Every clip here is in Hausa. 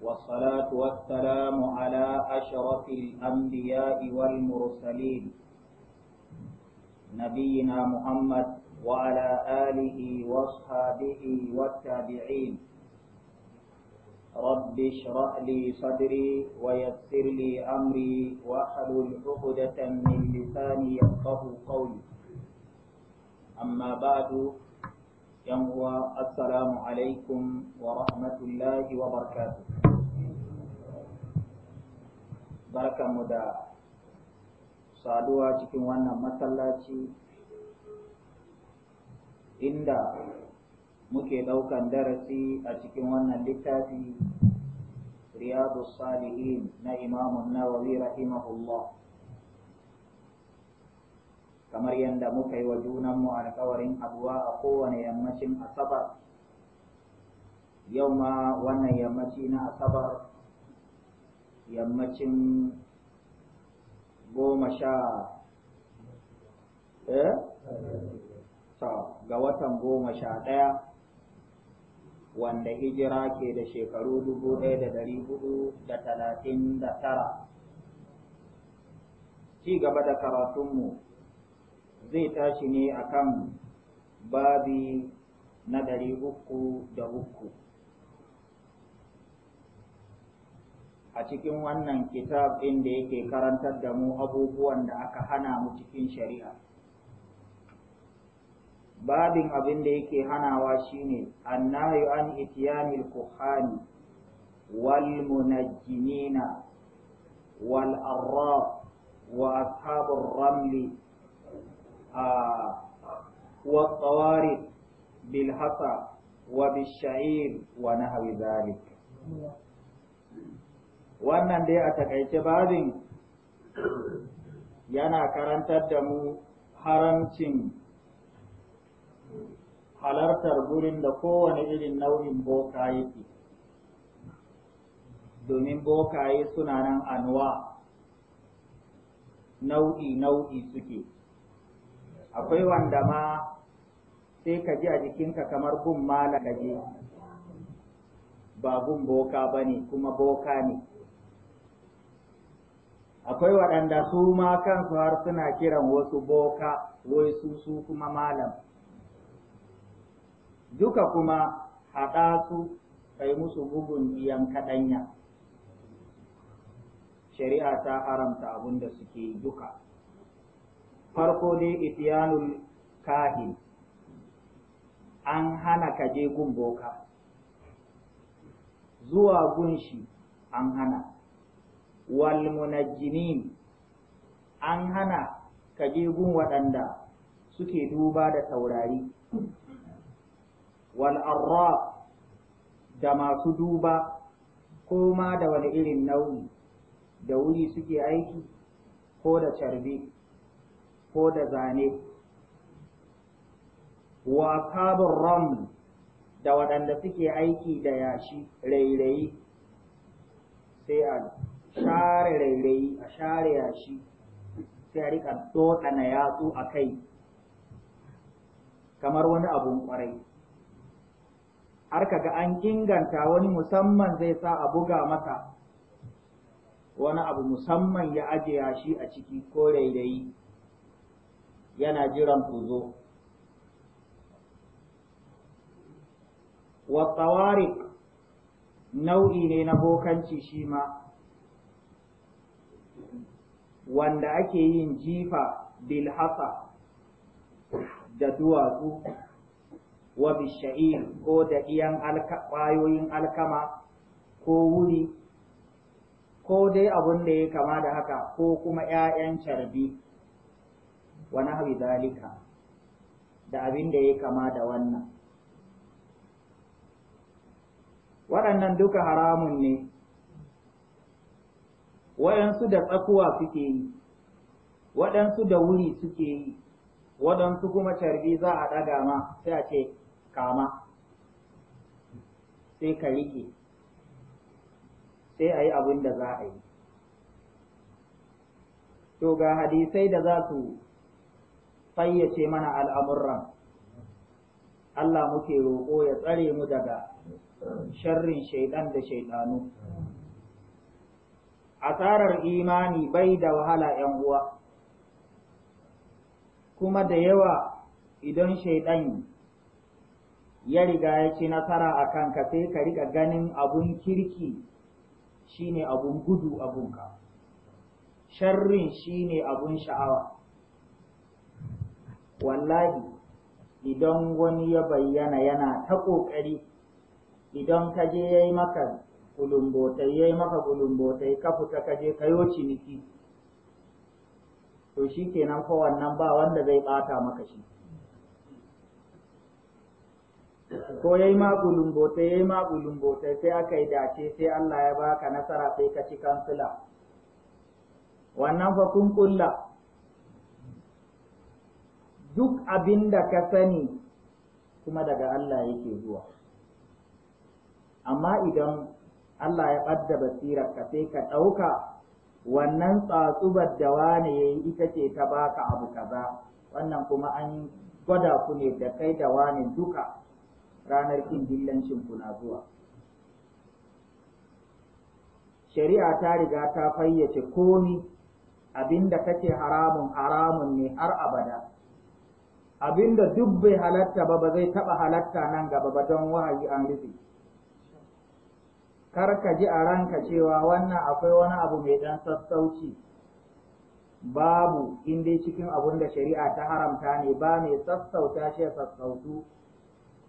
والصلاة والسلام على أشرف الأنبياء والمرسلين نبينا محمد وعلى آله وأصحابه والتابعين رب اشرح لي صدري ويسر لي أمري واحلل عقدة من لساني يفقه قولي أما بعد ينوى السلام عليكم ورحمة الله وبركاته barkanmu da saduwa cikin wannan masallaci inda muke ɗaukan darasi a cikin wannan littafi riyadu salihin na imamun nawawi rahimahullah kamar yadda muka yi wa junanmu alkawarin abuwa a kowane yammacin asabar yau ma wannan yammaci na asabar yammacin goma sha ɗaya? Eh? ga watan goma sha ɗaya wanda hijira ke da shekaru dubu ɗaya da dari hudu da talatin da tara ci gaba da karatunmu zai tashi ne akan babi na dari uku da uku a cikin wannan kitab ɗin da yake karantar da mu abubuwan da aka hana mu cikin shari'a babin abin da yake hanawa shine annayu an itiyanil kuhani wal munajjinina wal arraf wa ashabur ramli wa tsawarik bil hasa wa bil wa nahwi dhalik wannan dai a takaice babin yana karantar da mu haramcin halartar gurin da kowane irin nau'in boka yake domin bokaye suna nan anuwa nau'i-nau'i suke akwai wanda ma sai ka ji a jikinka kamar gun mala ka je ba gun boka ba ne kuma boka ne akwai waɗanda su ma kansu har suna kiran wasu boka wai su su kuma malam duka kuma haɗa su kai musu bugun iyan kaɗanya shari'a ta haramta abin da suke duka farko dai itiyanul kahin an hana kaje gun boka zuwa gunshi an hana wal munajjimin an hana kagegun waɗanda suke duba da taurari wal da masu duba ko ma da wani irin nauyi da wuri suke aiki ko da carbi ko da zane wa kabin ram da waɗanda suke aiki da yashi rairayi sai a share rairayi a share yashi sai a rika na yatsu a kai kamar wani abun kwarai har kaga an inganta wani musamman zai sa a buga masa wani abu musamman ya aje yashi a ciki ko rairayi yana jiran ku zo wa nau'i ne na bokanci shi ma wanda ake yin jifa bilhasa da duwatsu wa bisha'ir ko da iyan ƙwayoyin alkama ko wuri ko dai abun da ya kama da haka ko kuma ‘ya'yan carbi wa nahwi zalika da abin da ya kama da wannan waɗannan duka haramun ne waɗansu da tsakuwa suke yi waɗansu da wuri suke yi waɗansu kuma carbi za a ɗaga ma sai a ce kama sai ka riƙe sai a yi abin da za a yi to ga hadisai da za su fayyace mana al'amuran Allah muke roƙo ya tsare mu daga sharrin shaidan da shaidanu asarar imani bai da wahala ‘yan uwa, kuma da yawa idan shaiɗan ya riga ya ci nasara a kanka sai ka riga ganin abun kirki shine abun gudu abunka, sharrin shine abun sha'awa. Wallahi, idan wani ya bayyana yana ta ƙoƙari, idan ka je ya yi maka bulumbotai yayi maka bulumbotai ka fita ka je kayo ciniki to shi kenan fa wannan ba wanda zai bata maka shi ko yayi ma bulumbotai yayi ma bulumbotai sai aka yi dace sai Allah ya baka nasara sai ka ci kansila wannan fa kun kulla duk abin da ka sani kuma daga Allah yake zuwa amma idan Allah ya ɓadda basirar ka sai ka ɗauka wannan tsatsubar da wane ya yi ita ce ta baka abu kaza wannan kuma an gwada ku ne da kai da wane duka ranar kin dillancin ku na zuwa shari'a ta riga ta fayyace komi abinda kake haramun haramun ne har abada abinda duk bai halatta ba ba zai taɓa halatta nan gaba ba don wahayi an rufe kar ka ji a ranka cewa wannan akwai wani abu mai ɗan sassauci babu in dai cikin abun da shari'a ta haramta ne ba mai sassauta shi sassautu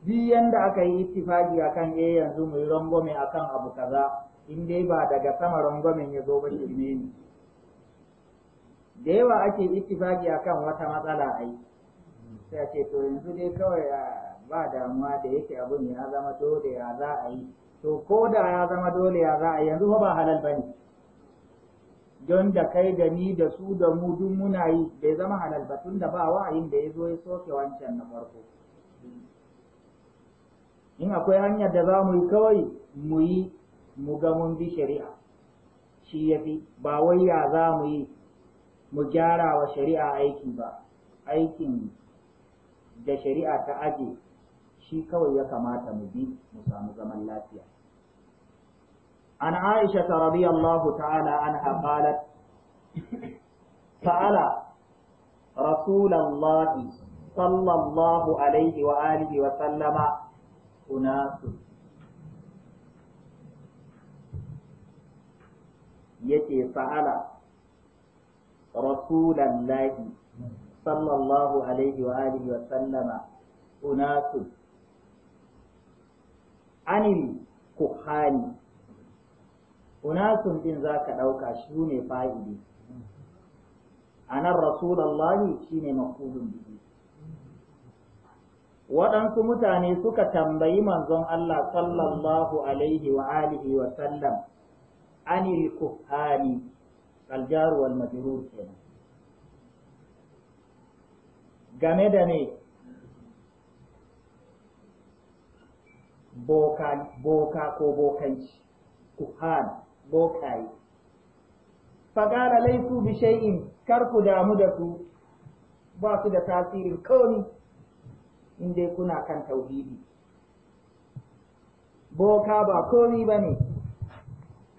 duk yanda aka yi ittifaki akan eh yanzu mu yi rangwame akan abu kaza in dai ba daga sama rangwamen ya zo ba shirme ne da yawa ake ittifaki akan wata matsala ai sai a ce to yanzu dai kawai ah, ba damuwa da yake abun ya zama dole ya za a yi to ko da ya zama dole ya za a yanzu ba halal ba ne don da kai da ni da su da mu duk muna yi bai zama halal ba tun da ba wa'ayin da ya zo ya soke wancan na farko in akwai hanyar da za mu yi kawai mu yi mu ga mun bi shari'a shi ya fi ba wai ya za mu yi mu gyara wa shari'a aiki ba aikin da shari'a ta aje shi kawai ya kamata mu bi mu samu zaman lafiya an aisha ta radiyallahu ta'ala an qalat ta'ala rasulullahi sallallahu alaihi wa alihi wa sallama unasu Yake sa'ala rasulullahi sallallahu alaihi wa alihi wa sallama unasu anil kuhani unasun din za ka ɗauka shi ne fa'ili anan rasulallahi shi ne mafulun waɗansu mutane suka tambayi manzon Allah sallallahu alaihi wa alihi wa sallam anil kuhani aljaru wal game da ne boka ko bokanci kuhan bokaye fagara laifu bishai'in kar ku damu da su ba su da tasirin komi in kuna kan tauhidi boka ba komi ba ne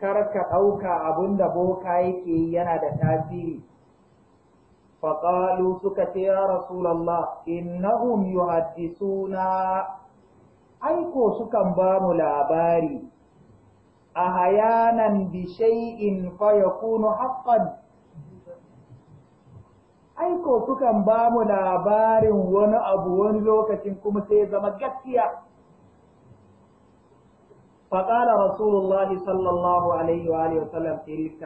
kar ka ɗauka abinda da boka yake yana da tasiri faƙalu suka ce ya rasulallah innahum yuhaddisuna aiko sukan ba mu labari a hayanan bishai'in fa ya kunu haƙƙan aiko sukan ba mu labarin wani abu wani lokacin kuma sai zama gaskiya فقال رسول الله صلى الله عليه وآله وسلم تلك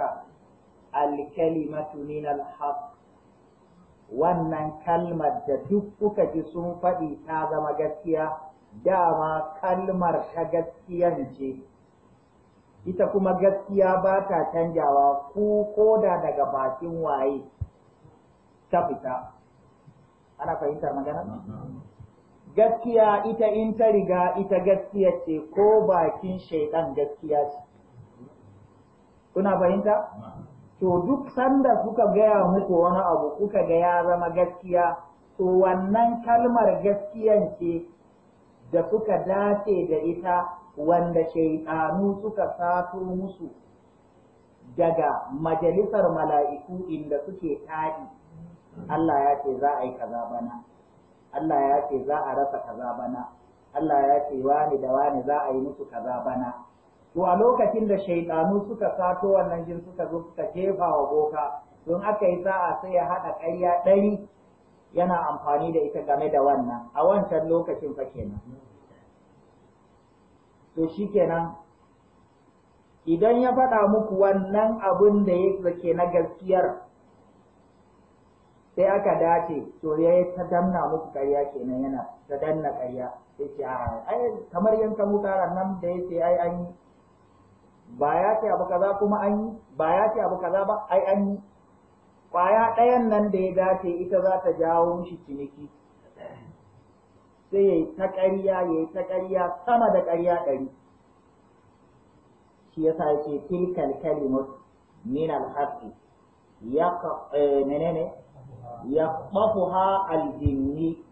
الكلمة من الحق wannan kalmar da duk kuka ji sun faɗi ta zama gaskiya dama kalmar ta gaskiyan ce ita kuma gaskiya ba ta canjawa ku koda daga bakin waye ta fita ana fahimtar magana gaskiya ita in ta riga ita gaskiya ce ko bakin shaidan gaskiya ce kuna fahimta to duk sanda suka gaya muku wani abu kuka ga ya zama gaskiya to wannan kalmar gaskiya ce da suka dace da ita wanda shaiɗanu suka sato musu daga majalisar mala'iku inda suke taɗi Allah ya ce za a yi kaza bana Allah ya ce za a rasa kaza bana Allah ya ce wani da wani za a yi musu kaza bana to a lokacin da shaiɗanu suka sato wannan jin suka zo suka jefa wa boka don aka yi sa'a sai ya haɗa ƙarya ɗari yana amfani da ita game da wannan a wancan lokacin fa kenan to shikenan idan ya faɗa muku wannan abin da yake na gaskiyar sai aka dace to ya yi ta danna muku ƙarya kenan yana ta danna ƙarya ya ce ai kamar yanka mutara nan da ya ce ai an yi ba ya ce abu kaza kuma an yi ba ya ce abu kaza ba ai an yi ƙwaya ɗayan nan da ya dace ita za ta jawo mishi ciniki sai ya yi ta ƙarya ya yi ta ƙarya sama da ƙarya ɗari shi yasa ya ce tilkal kalimat min alhaqi ya eh, menene ya qafuha aljinni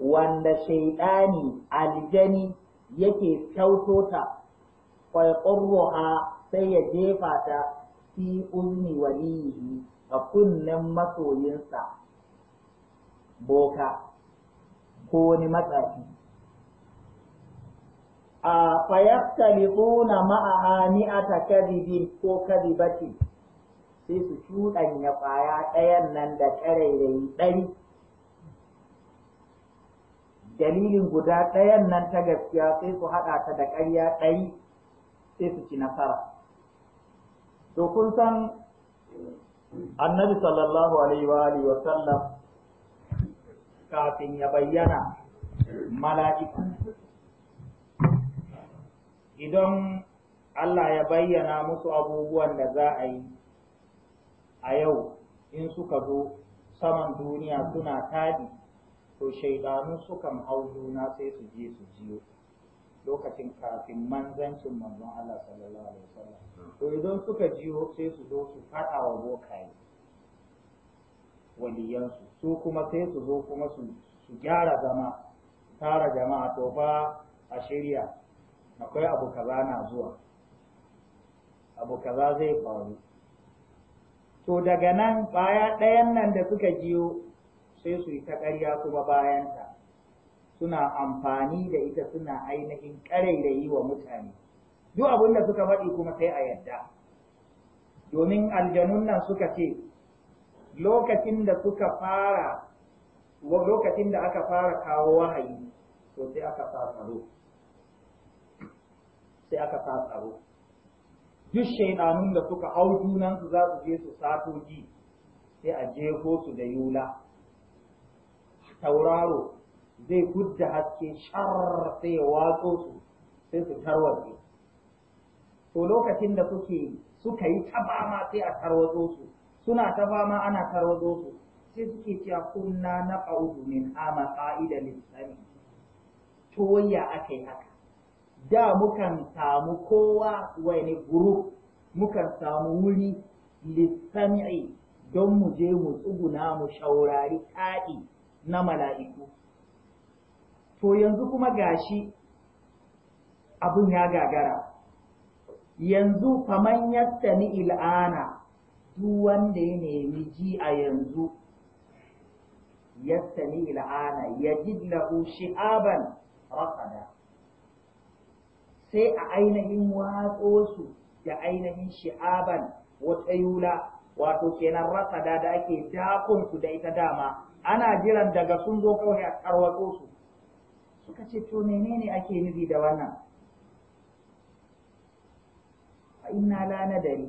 wanda shaiɗani aljani yake kyauto ta ha, sai ya jefa ta fi uzni waliyi a kunnen masoyinsa boka ko wani matsafi a fayaktalifuna a ta kadibi ko kadibati sai su shuɗanya ƙwaya ɗayan nan da ƙarairayi ɗari dalilin guda ɗayan nan ta gaskiya sai su haɗa ta da ƙarya ɗari sai su ci nasara to kun san annabi sallallahu alaihi wa alihi wa sallam kafin ya bayyana mala'iku idan Allah ya bayyana musu abubuwan da za a yi a yau in suka zo saman duniya suna taɗi to shaidanu sukan hau juna sai su je su jiyo lokacin kafin manzancin manzon Allah sallallahu alaihi wasallam to idan suka jiyo sai su zo su faɗa wa bokaye waliyansu su kuma sai su zo kuma su gyara zama tara jama'a to fa a shirya akwai abu kaza na zuwa abu kaza zai faru to daga nan baya ɗayan nan da suka jiyo sai su yi ta ƙarya kuma bayanta suna amfani da ita suna ainihin karai da yi wa mutane duk abin da suka faɗi kuma sai a yadda domin aljanun nan suka ce lokacin da suka fara lokacin da aka fara kawo wahayi to sai aka sa tsaro sai aka sa tsaro duk shaidanun da suka hau junansu za su je su sato ji sai a jeko su da yula tauraro zai gudda haske shar sai ya watso su sai su tarwatse to lokacin da suke suka yi ta fama sai a tarwatso su suna ta fama ana tarwatso su sai suke cewa kunna na qaudu min ama qa'ida lisani to waya akai haka da mukan samu kowa wani group mukan samu wuri lissami'i don mu je mu tsuguna mu shaurari taɗi na mala'iku to yanzu kuma gashi abun ya gagara yanzu faman ni il'ana duk wanda ya nemi ji a yanzu ni il'ana yajid lahu shi'aban raqada sai a ainihin watso su da ainihin shi'aban wata yula wato kenan raqada da ake dakon su da ita dama ana jiran daga sun zo kawai a su suka ce to menene ake nufi da wannan A inna la nadari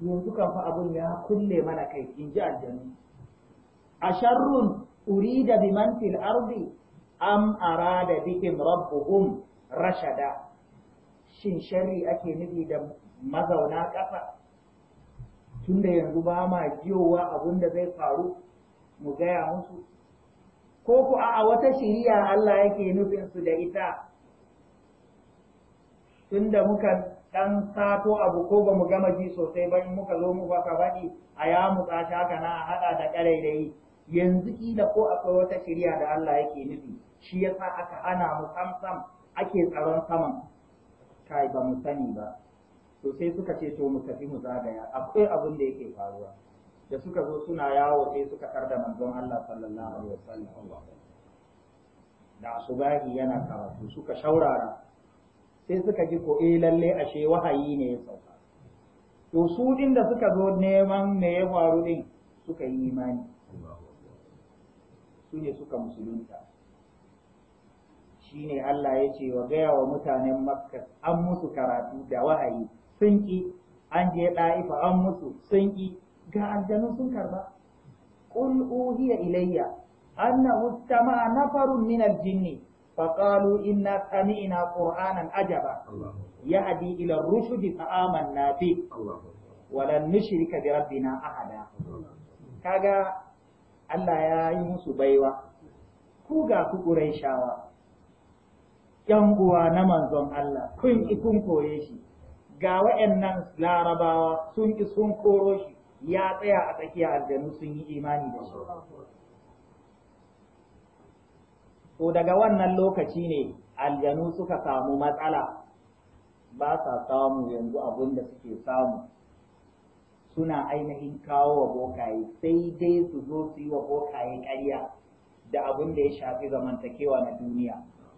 yanzu kan fa abun ya kulle mana kai in ji aljanu asharrun urida biman fil ardi am arada bihim rabbuhum rashada shin sharri ake nufi da mazauna ƙasa tunda yanzu ba ma jiyowa abun da zai faru mu gaya musu ko ku a wata shiriya Allah yake nufin su da ita tunda muka dan sato abu ko ba mu gama ji sosai ba muka zo mu baka faɗi a ya mu tsaci haka na a haɗa da ƙarairayi yanzu kila ko akwai wata shiriya da Allah yake nufi shi yasa aka hana mu samsam ake tsaron saman kai ba mu sani ba to sai suka ce to mu tafi mu zagaya akwai abin da yake faruwa da suka zo suna yawo sai suka da manzon Allah sallallahu alaihi wasallam da asubahi yana karatu suka shaurara sai suka ji ko eh lalle ashe wahayi ne ya sauka to su din da suka zo neman me ya faru din suka yi imani su ne suka musulunta shine Allah ya ce wa gaya wa mutanen Makka an musu karatu da wahayi sun ki an je ɗa'ifa an musu sun ki ga aljanu sun karba qul uhiya ilayya annahu istama'a nafarun min al-jinni فقالوا إنا سمعنا قرآنا عجبا يهدي إلى الرشد فآمنا به ولن نشرك بربنا أحدا كاغا Allah ya yi musu baiwa, ku ga ku ƙuraishawa, ‘yan uwa na manzon Allah, kun ki kore shi, ga wa'yannan larabawa sun ki sun koro shi, ya tsaya a tsakiya aljanu sun yi imani da shi to daga wannan lokaci ne aljanu suka samu matsala ba sa samu yanzu abin da suke samu suna ainihin kawo wa bokaye sai dai su zo su yi wa bokaye ƙarya da abin da ya shafi zamantakewa na duniya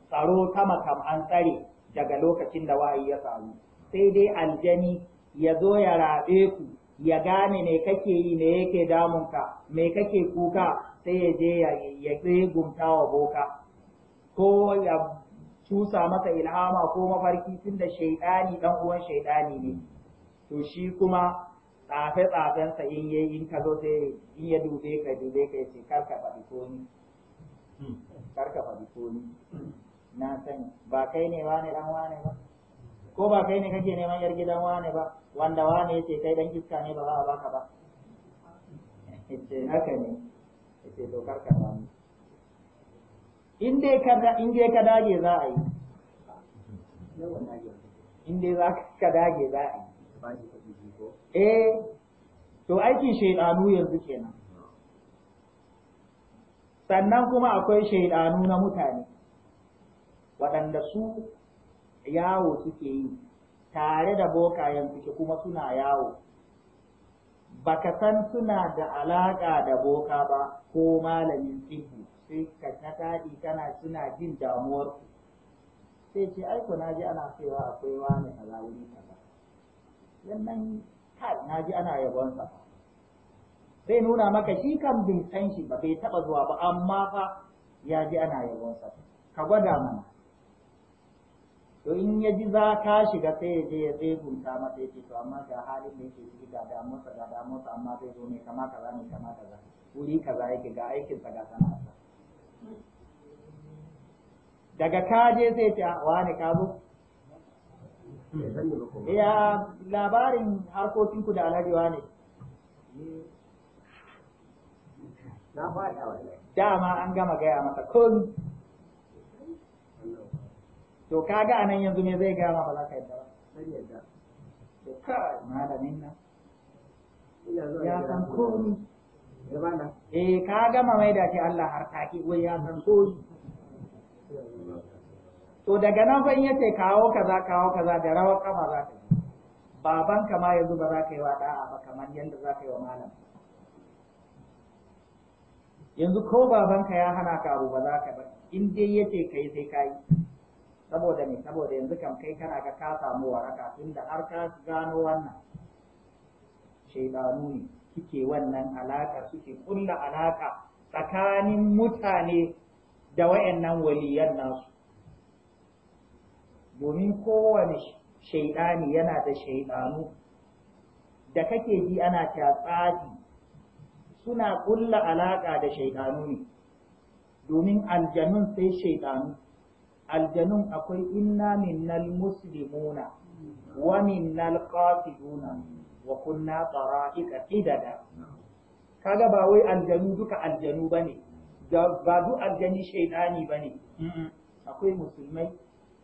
tsaro sama kam an tsare daga lokacin da wa'ayi ya samu sai dai aljani ya zo ya raɓe ku ya gane me kake yi me yake damunka me kake kuka sai ya je ya tsegumta wa boka ko ya cusa masa ilhama ko mafarki tunda shaidani dan uwan shaidani ne to shi kuma tsafe tsafensa in yayi in ka zo sai in ya dube ka dube ka yace kar ka faɗi ko ni hmm. kar ka faɗi ko ni na sani ba kai ne wane dan wane ba ko ba kai ne kake neman yar gidan wane ba wanda wane yace kai dan iska ne ba za a baka ba yace haka ne yace to karka ba in dai ka in dai ka dage za a yi in dai za ka dage za a yi eh to aikin shaidanu yanzu kenan sannan kuma akwai shaidanu na mutane waɗanda su yawo suke yi tare da bokayen suke kuma suna yawo baka san suna da alaƙa da boka ba ko malamin sihu sai ka ta taɗi kana suna jin damuwar ku sai ce aiko na ji ana cewa akwai wani kaza wuri kaza wannan kai na ji ana yabon sa zai nuna maka shi kan bin san shi ba bai taɓa zuwa ba amma fa ya ji ana yabon sa ka gwada mana to in ya ji za ka shiga sai ya je ya tsegunta masa ya to amma ga halin da yake ciki ga damuwarsa ga damuwarsa amma zai zo ne kama kaza ne kama kaza wuri kaza yake ga aikinsa ga sana'arsa daga ka je sai ce ah, ne ka zo ya labarin harkokinku da alhaji ne dama an gama gaya masa komi to kaga anan yanzu me zai gama ba za ka yadda ba sai yadda to kai malamin nan ya san komi eh ka gama mai da ke Allah har taki wai ya san komi to daga nan fa in yace kawo kaza kawo kaza da rawar kafa za ka yi baban ka ma yanzu ba za ka yi wa da'a ba kamar yadda za ka yi wa malam yanzu ko babanka ya hana ka abu ba za ka ba in dai yace kai sai ka yi saboda ne saboda yanzu kam kai kana ga ka samu waraka tunda har ka gano wannan shaidanu ne suke wannan alaka suke kulla alaka tsakanin mutane da wayannan waliyan nasu domin kowane shaidani yana da shaidanu da kake ji ana tsadi suna kulla alaka da shaidanu ne domin aljanun sai shaidanu aljanun akwai inna minnal muslimuna wa minnal qafiduna wa kunna qara'ika qidada kaga ba wai aljanu duka aljanu bane ba duk aljani shaidani bane akwai musulmai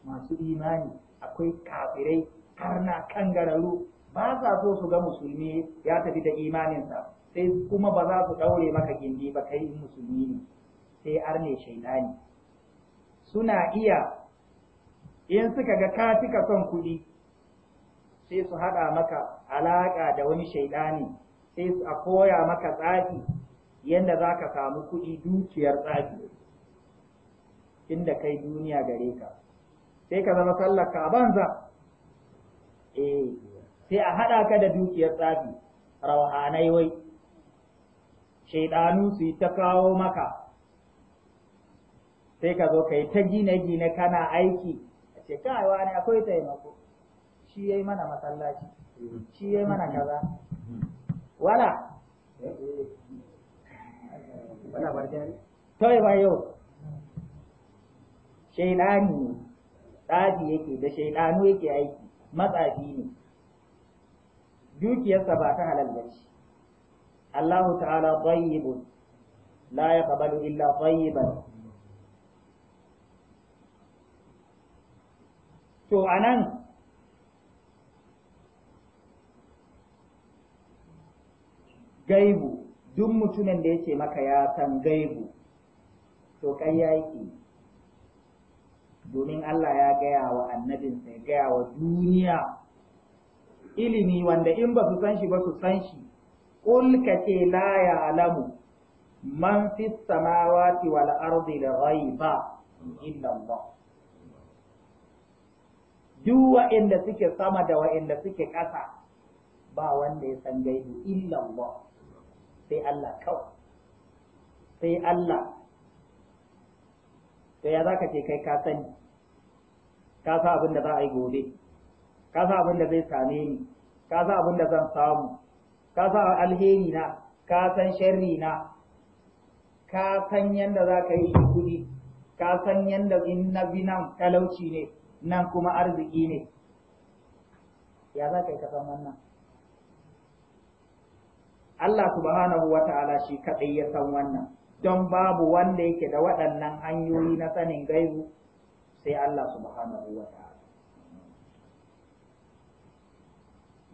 masu imani akwai kafirai karna kangararru ba sa so su ga musulmi ya tafi da imaninsa sai kuma ba za su daure maka gindi ba kai musulmi ne sai arne shaiɗani. suna iya in suka ga ka cika son kuɗi sai su haɗa maka alaƙa da wani shaiɗani sai su a koya maka tsafi yadda za ka samu kuɗi dukiyar tsafi inda kai duniya gare ka sai ka zama sallar ka banza eh sai a haɗa ka da dukiyar tsafi rauhanai wai shaidanu su yi ta kawo maka sai ka zo ka yi ta gine-gine kana aiki a ce kai ne, akwai taimako shi ya yi mana masallaci shi ya yi mana kaza wala kawai ba yau shaidani ne tsafi yake da shaidanu yake aiki matsafi ne dukiyarsa ba ta halal ba ce Allahu ta'ala tayyibun la yaqbalu illa tayyiban to anan gaibu duk mutumin da yake maka ya san gaibu to ya yake domin Allah ya gaya wa annabinsa ya gaya wa duniya ilimi wanda in ba su san shi ba su san shi kul ka ce la ya alamu man fi samawati wal ardi la ghaiba illa Allah duk wa'inda suke sama da wa'inda suke ƙasa ba wanda ya san gaibi illan ba sai Allah kawai sai Allah to ya zaka ce kai ka sani ka sa abin da za a yi gobe ka sa abin da zai same ni ka sa abin da zan samu ka sa alheri na ka san sharri na ka san yanda za ka yi kuɗi ka san yanda in na bi nan talauci ne nan kuma arziki ne ya za ka yi kasan wannan Allah subhanahu wa ta'ala shi kaɗai ya san wannan don babu wanda yake da waɗannan hanyoyi na sanin gaibu sai Allah subhanahu wa ta'ala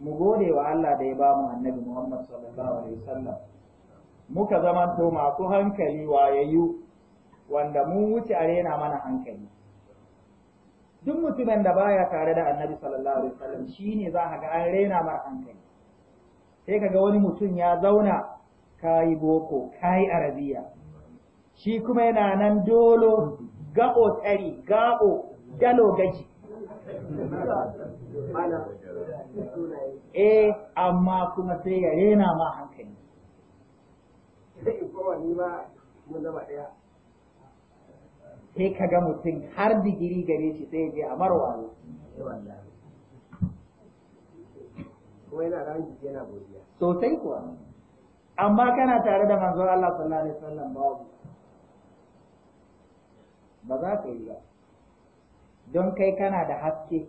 mu gode wa Allah da ya ba mu annabi Muhammad sallallahu alaihi wasallam muka to masu hankali wayayyu wanda mun wuce arena mana hankali duk mutumin da baya tare da annabi sallallahu alaihi wasallam shine za ka ga an rena mar hankali sai kaga wani mutum ya zauna kayi boko kayi arabiya shi kuma yana nan dolo gabo tsari gabo dalo gaji eh amma kuma sai ya rena ma hankali sai ko ni ma mun zama daya sai ka ga mutum har digiri gare shi sai je a marwa ne eh, kuma yana yana godiya sosai kuwa amma kana tare da manzon Allah sallallahu alaihi wasallam babu ba za ka yi ba don kai kana da haske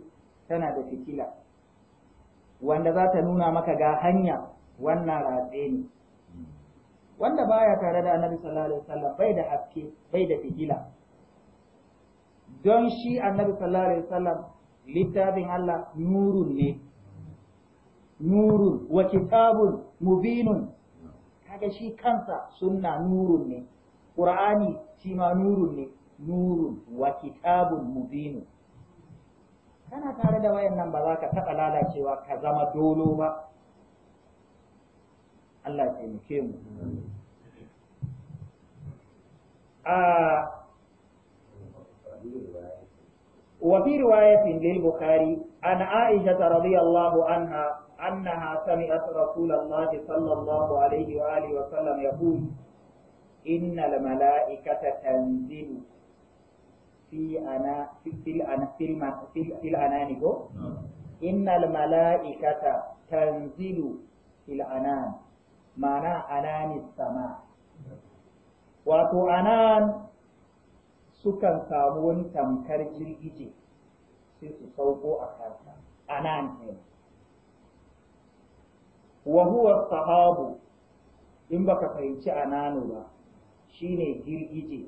tana da fitila wanda za ta nuna maka ga hanya wannan ratse ne wanda baya tare da annabi sallallahu alaihi wasallam bai da haske bai da fitila don shi annabi sallallahu alaihi wasallam littafin Allah nurun ne nurun wa kitabun mubinun kaga shi kansa sunna nurun ne qur'ani shi ma nurun ne nurun wa kitabun mubinun kana tare da wayannan ba za ka taɓa lalacewa ka zama dolo ba Allah ya taimake mu ah, وفي رواية للبخاري عن عائشة رضي الله عنها أنها سمعت رسول الله صلى الله عليه وآله وسلم يقول إن الملائكة تنزل في أنا في في الأنا في الم في في الأنانيك إن الملائكة تنزل في الأنان معنى أنان السماء وتو أنان sukan samu wani tamkar girgije sai su sauko a kansa a nan ne wa huwa sahabu in baka fahimci anano ba shine girgije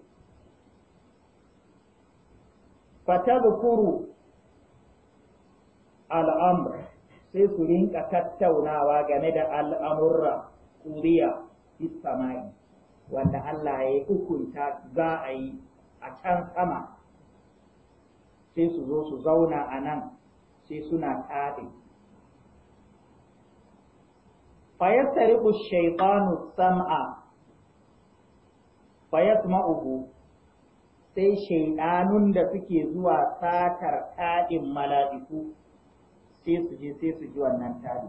fatadhkuru al'amr sai su rinka tattaunawa game da al'amurra kuriya fi wanda Allah ya hukunta za a yi a can sama sai su zo su zauna a nan sai suna taɗi fayassariku shaitanu sam'a fayasma'uhu sai shaidanun da suke zuwa satar taɗin mala'iku sai su je sai su ji wannan taɗi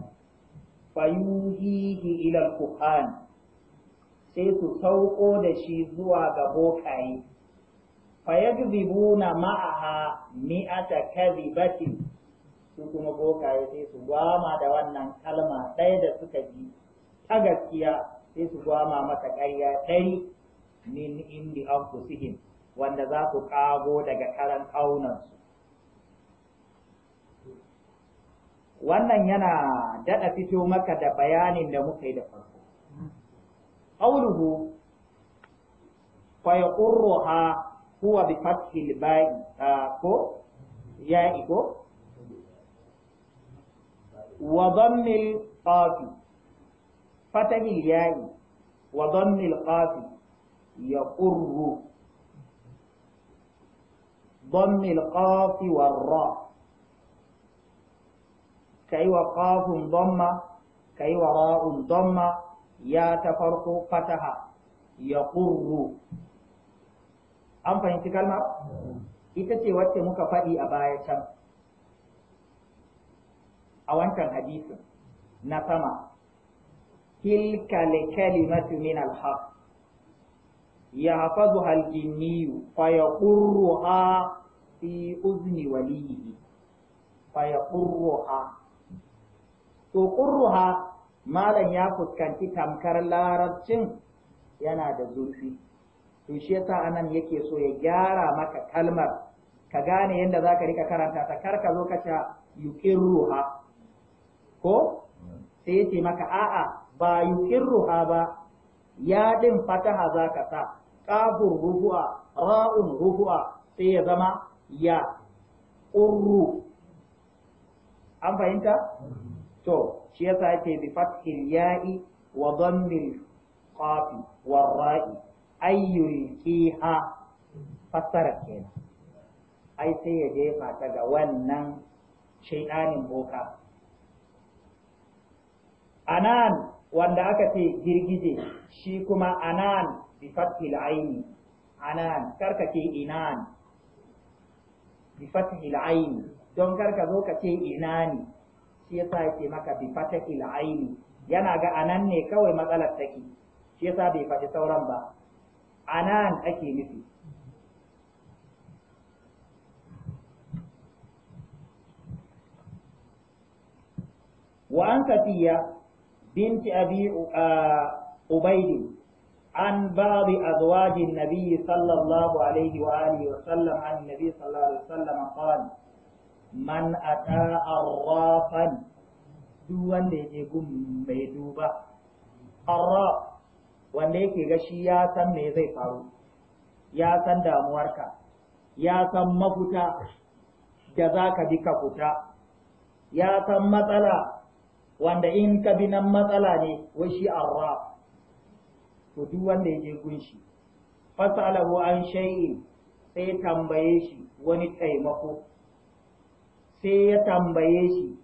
fayuhihi ilal kuhan sai su sauko da shi zuwa ga bokaye na ma'aha mi'ata kadhibatin su kuma bokaye sai su gwama da wannan kalma ɗaya da suka ji ta gaskiya sai su gwama mata ƙarya ɗari min indi anfusihim wanda za su ƙago daga karan su wannan yana daɗa fito maka da bayanin da muka yi da farko ƙauluhu fa huwa bi fathil ba'i ko ya'i ko wa dhammil qafi fatahil ya'i wa dhammil qafi yaqurru ضم القاف والراء كيوا قاف ضمة كيوا راء ضمة يا تفرق فتحة يقر an fahimci kalma ita ce wacce muka faɗi a baya can a wancan hadisin na sama tilka kalimatu min al Ya hafazu al-jinni fa yaqurruha fi uzni walihi fa yaqurruha to qurruha malam ya fuskanci tamkar larabcin yana da zurfi to shi yasa anan yake so ya gyara maka kalmar ka gane yadda za ka rika karanta ta kar ka zo ka sha yuqirruha ko sai yace maka a'a ba yuqirruha ba ya din fataha za ka sa qafur rufu'a ra'un rufu'a sai ya zama ya urru an fahimta to shi yasa yake bi fathil ya'i wa dhammil qafi war ra'i ayyukiha fassara kenan ai sai ya jefa ta ga wannan shaidanin boka anan wanda aka ce girgije shi kuma anan bi fathil aini anan karka ce inan bi fathil aini don karka zo ka ce inani shi yasa yake maka bi fathil aini yana ga anan ne kawai matsalar take shi yasa bai faɗi sauran ba anan ake nufi wa an kafiya binti abi ubaidin an babi a zuwajin nabi sallallahu alaihi wa alihi wa sallam an nabi sallallahu alaihi wa sallam a a ta'arrafan duk wanda ya je mai duba arrafan wanda yake ga shi ya san me zai faru ya san damuwarka ya san mafuta da za ka bi ka fita ya san matsala wanda in ka bi nan matsala ne wai shi arra to duk wanda ya je gunshi fasalahu an shay'i sai tambaye shi wani taimako sai ya tambaye shi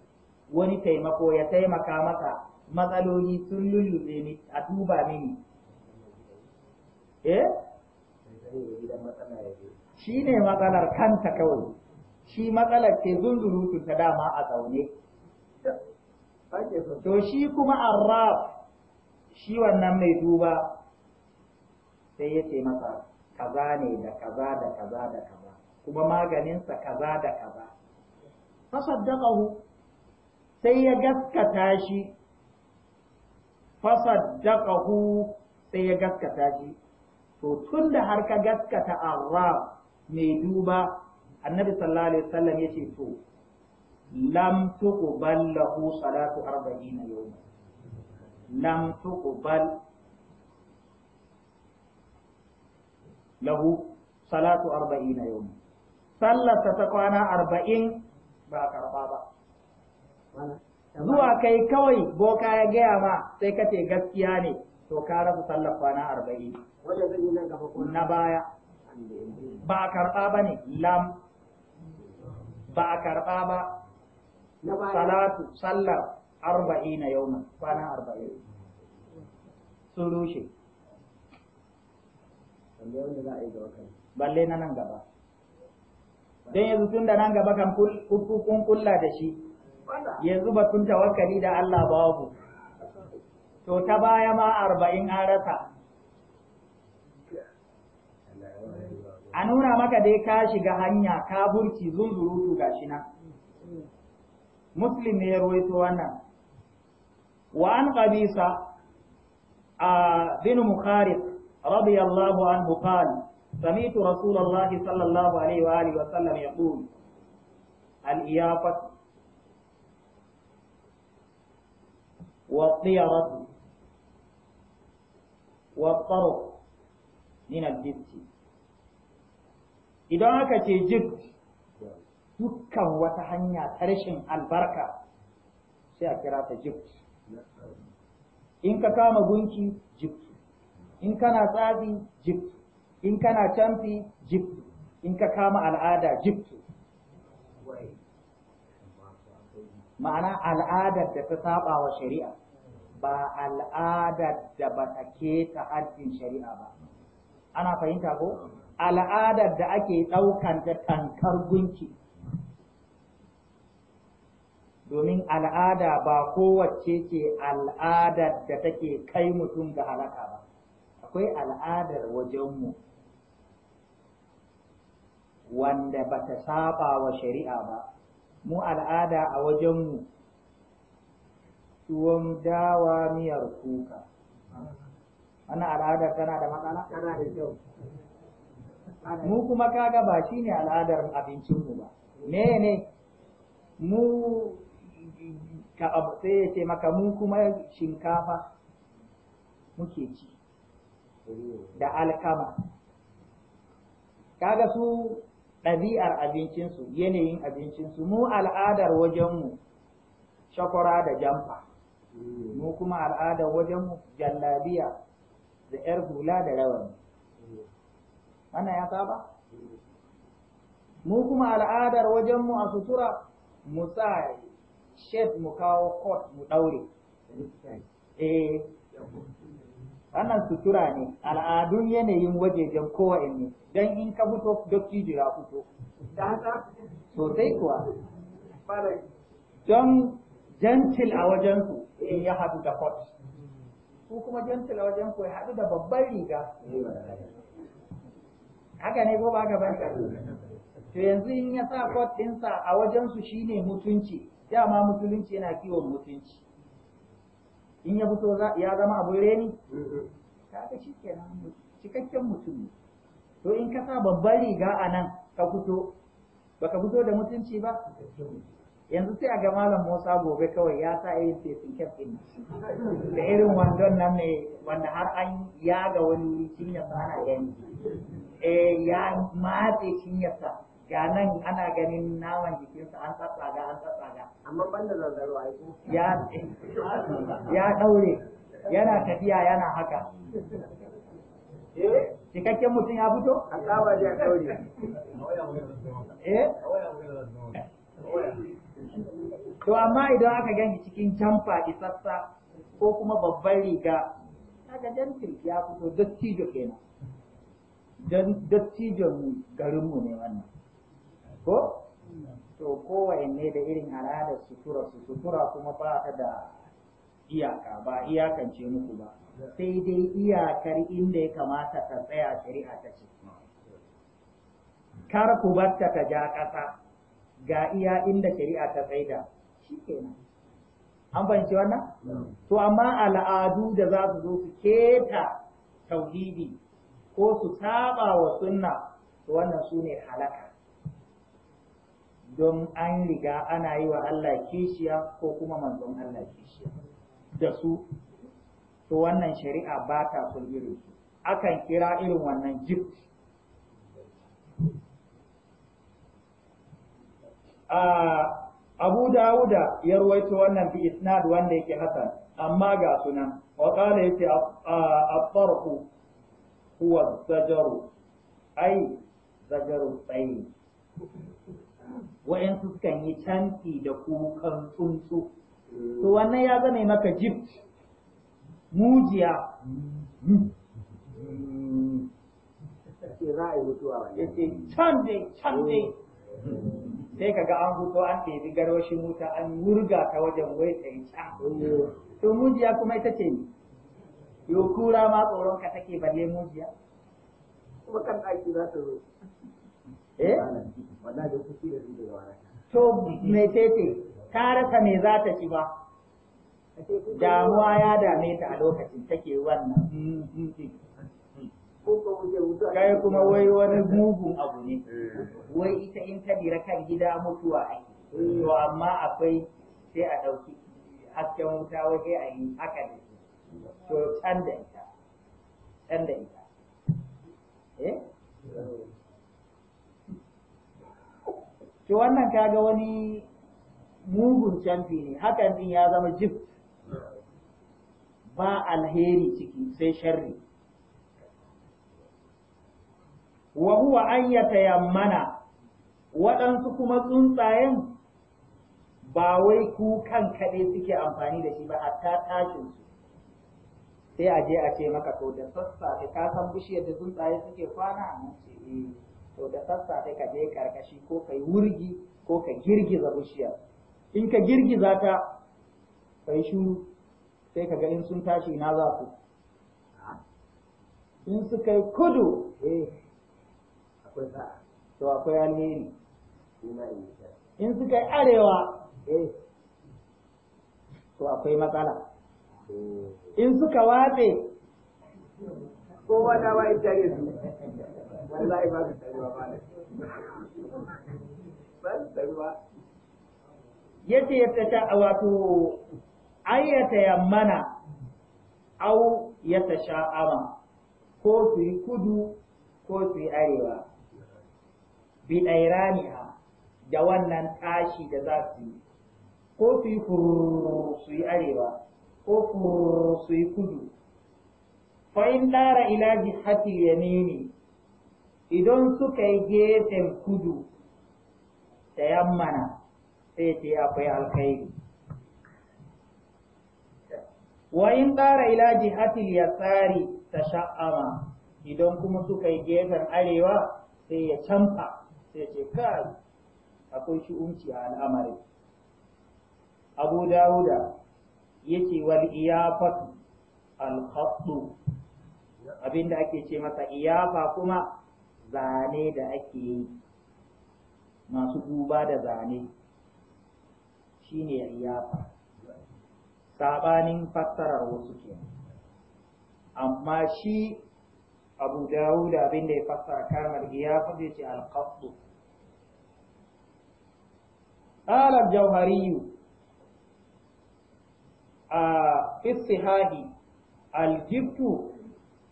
wani taimako ya taimaka masa matsaloli sun lullube ni a duba mini eh shi matsalar kanta kawai shi matsalar ke zunzurutun ta dama a zaune to shi kuma arraf shi wannan mai duba sai ya ce masa kaza ne da kaza da kaza da kaza kuma maganinsa kaza da kaza fasaddaqahu sai ya gaskata shi fasaddaqahu sai ya gaskata shi to tun da har ka gaskata Allah mai duba annabi sallallahu alaihi wasallam yace to lam tuqbal lahu salatu arba'ina yawma lam tuqbal lahu salatu arba'ina yawma sallarsa ta kwana arba'in ba karba ba zuwa kai kawai boka ya gaya ma sai kace gaskiya ne to ka rasu sallar kwana arba'in na baya ba a karɓa ba ne lam ba a karɓa ba salatu sallar arba'in na yau kwana arba'in sun rushe balle na nan gaba don yanzu tun da nan gaba kan kun kulla da shi yanzu batun tawakkali da Allah babu to ta baya ma arba'in an rasa a nuna maka dai ka shiga hanya ka burki zunzurutu gashi nan muslim ne ya rawaito wannan wa an kabisa a bin mukharif radiyallahu anhu qala سمعت رسول الله صلى الله عليه وآله وسلم يقول الإيافة والطيرة والطرق من الجبت idan aka ce jib dukkan wata hanya ta rashin albarka sai a kira ta jib in ka kama gunki jib in kana tsafi jib in kana canfi jib in ka kama al'ada ma'ana al'adar da ta saba wa shari'a ba al'adar da ba ta keta haddin shari'a ba ana fahimta ko al'adar da ake ɗaukan ta tankar gunki domin al'ada ba kowace ce al'adar da take kai mutum ga halaka ba akwai al'adar wajenmu wanda ba ta saba wa shari'a ba mu al'ada a wajenmu tuwon dawa miyar kuka wannan al'adar tana da matsala tana da kyau mu kuma kaga ba shi ne al'adar abincinmu ba me ne mu sai ya ce maka mu kuma shinkafa muke ci da alkama kaga su ɗabi'ar abincinsu yanayin abincinsu mu al'adar wajenmu shakwara da jamfa mu kuma al'ada wajen jallabiya da yar hula da rawani wannan ya saba mu kuma al'adar wajen mu a sutura mu sa shef mu kawo coat mu daure eh wannan sutura ne al'adun yanayin wajejen kowanne don in ka fito doktijo ya fito sosai kuwa don gentil a wajensu in ya haɗu da kot? ku kuma jantila wajen ku ya haɗu da babban riga haka ne ko ba ka ba to yanzu in ya sa kot ɗinsa a wajen su ne mutunci dama musulunci yana kiwon mutunci in ya fito ya zama abu reni kaga shi kenan cikakken mutum ne to in ka sa babban riga a nan ka fito baka fito da mutunci ba yanzu sai a ga malam Musa gobe kawai ya sa irin fesin kyaf din da irin wandon nan ne wanda har an yaga wani cinya sa ana gani eh ya matse cinya sa ga nan ana ganin naman jikinsa an ga an ga amma banda zanzaro ai ya ya daure yana tafiya yana haka cikakken mutum ya fito a tsaba da eh? ya daure eh to amma idan aka ganki cikin jamfa sassa ko kuma babban riga kaga jantin ya fito dattijo kenan dattijo dattijon garinmu ne wannan ko to ne da irin al'adar sutura su sutura kuma ba ta da iyaka ba iyakance muku ba sai dai iyakar inda ya kamata ta tsaya shari'a ta ce kar ku barta ta ja ƙasa ga iya inda shari'a ta tsaida shi kenan an fahimci wannan to amma al'adu da za su zo su keta tauhidi ko su saba wa sunna wannan su ne halaka don an riga ana yi wa Allah kishiya ko kuma manzon Allah kishiya da su to wannan shari'a ba ta son akan kira irin wannan jibt Abu Dawuda ya ruwaito wannan bi isnad wanda yake hasan amma ga sunan wa qala yace at-tarqu huwa zajaru ai zajaru tsayi wa'in suka yi canti da kukan tsuntsu to wannan ya zame maka jib mujiya ce za a yi mutuwa can dai can dai sai ka ga an huto an ɗebi garwashin wuta an wurga ta wajen wai ta yi can to mujiya kuma ita ce ne, yo kura ma tsoron ka take balle mujiya kuma kan ɗaki za ta zo eh Wanda da kuci da zuwa wani to mai tete ta rasa me za ta ci ba damuwa ya dame ta a lokacin take wannan mm, mm, mm. kai kuma wai wani mugun abu ne wai ita in ta dira kan gida mutuwa ake to amma akwai sai a ɗauki hasken wuta waje a yi haka da shi to can da ita can da ita eh to wannan kaga wani mugun canfi ne hakan din ya zama jif ba alheri ciki sai sharri wa huwa an tayammana waɗansu kuma tsuntsayen ba wai ku kan kaɗai suke amfani da shi ba hatta tashin su sai a je a ce maka to da sassafe ka san bishiyar da tsuntsaye suke kwana nan ce eh to da sassafe ka je karkashi ko ka yi wurgi ko ka girgiza bishiyar in ka girgiza ta ka yi shuru sai ka ga in sun tashi na za su in suka yi kudu eh akwai sa'a to akwai alheri in suka yi arewa eh. to akwai matsala in suka watse ko ba da ba ita su wallahi ba su tare ba ne ba su tare ba yace yace ta wato ayyata yammana au yata sha'ama ko su yi kudu ko su yi arewa bilairaniha da wannan tashi da za su yi ko su yi su yi arewa ko furu su yi kudu fa in dara ila jihati yamini idan suka yi gefen kudu ta yammana sai ce akwai alkhairi wa in dara ila jihati yasari ta sha'ama idan kuma suka yi gefen arewa sai ya canfa sai ce kai akwai shi'unci a al'amari abu dawuda yace wal iyafatu al khattu abinda ake ce masa iyafa kuma zane da ake yi masu duba da zane shine iyafa sabanin fassarar wasu ke amma shi abu dawuda abin ya fassara kalmar ya faɗe ce al-khattu قال الجوهري آه في الصحاح الجبت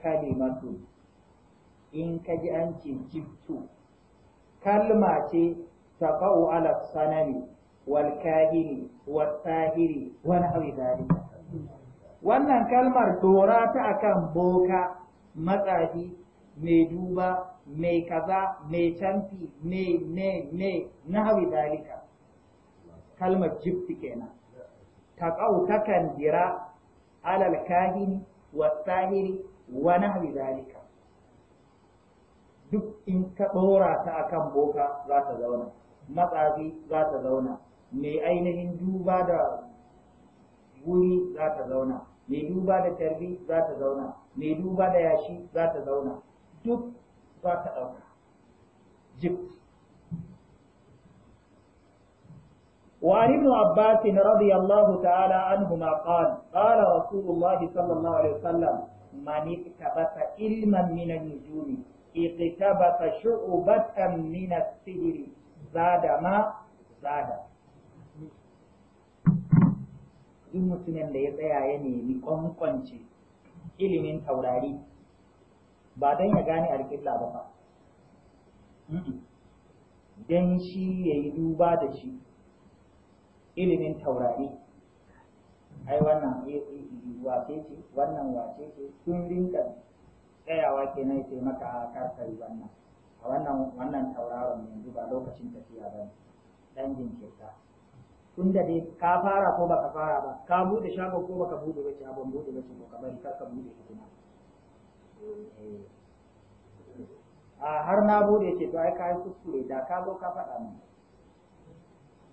كلمة إن كجأنت جبت كلمة تقع على الصنم والكاهن والطاهر ونحو ذلك wannan kalmar dora ta akan boka matsafi mai duba mai kaza mai canfi mai ne-ne na hawi dalika kalmar jibti kenan taqau takan jira alal kahini wa sahiri wa nahwi zalika duk in ka ɗora ta akan boka za ta zauna matsafi za ta zauna mai ainihin duba da wuri za ta zauna mai duba da tarbi za ta zauna mai duba da yashi za ta zauna duk za ta ɗauka jibt وعن ابن عباس رضي الله تعالى عنهما قال قال رسول الله صلى الله عليه وسلم من اقتبس علما من النجوم اقتبس شعبة من السحر زاد ما زاد duk mutumin da ya tsaya ya nemi kwankwance ilimin taurari ba don ya gane alƙibla ba ba don shi ya yi duba da shi ilimin taurari ai wannan e, e, e, wace ce wannan wace ce sun rinka tsayawa nan sai maka karkari wannan a wannan wannan tauraron yanzu ba lokacin tafiya ba ne dan jinkirta tun da dai ka fara ko baka fara ba ka bude shagon ko baka bude ba shagon bude ba ko ka bari ka bude hikima eh. a har na bude ce to ai ka yi kuskure da ka zo ka faɗa min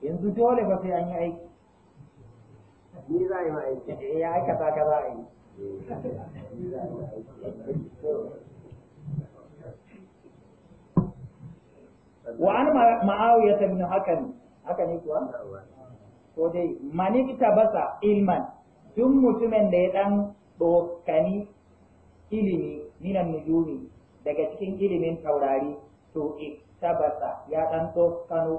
yanzu dole ba sai an yi aiki ni za a yi ma aiki eh, ya aikata ka za a yi وعن معاوية بن حكم haka ne kuwa? Ko dai, manifta basa ilman, tun mutumin da ya ɗan ɗokani ilimi minan nujumi daga cikin ilimin taurari, to basa ya ɗan ɗokano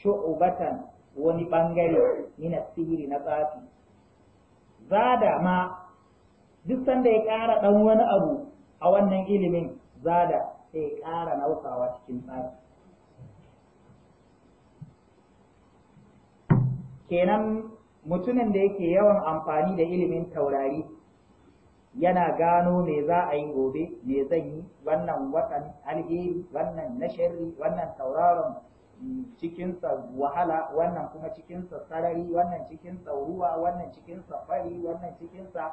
shu'ubatan wani bangare mina sihiri na tsafi zada ma duk sanda ya ƙara ɗan wani abu a wannan ilimin zada sai ya ƙara nausawa cikin tsafi kenan mutumin da yake yawan amfani da ilimin taurari yana gano me za a yi gobe me zan yi wannan watan alheri wannan na wannan tauraron cikinsa wahala wannan kuma cikinsa sarari wannan cikinsa ruwa wannan cikinsa fari wannan cikinsa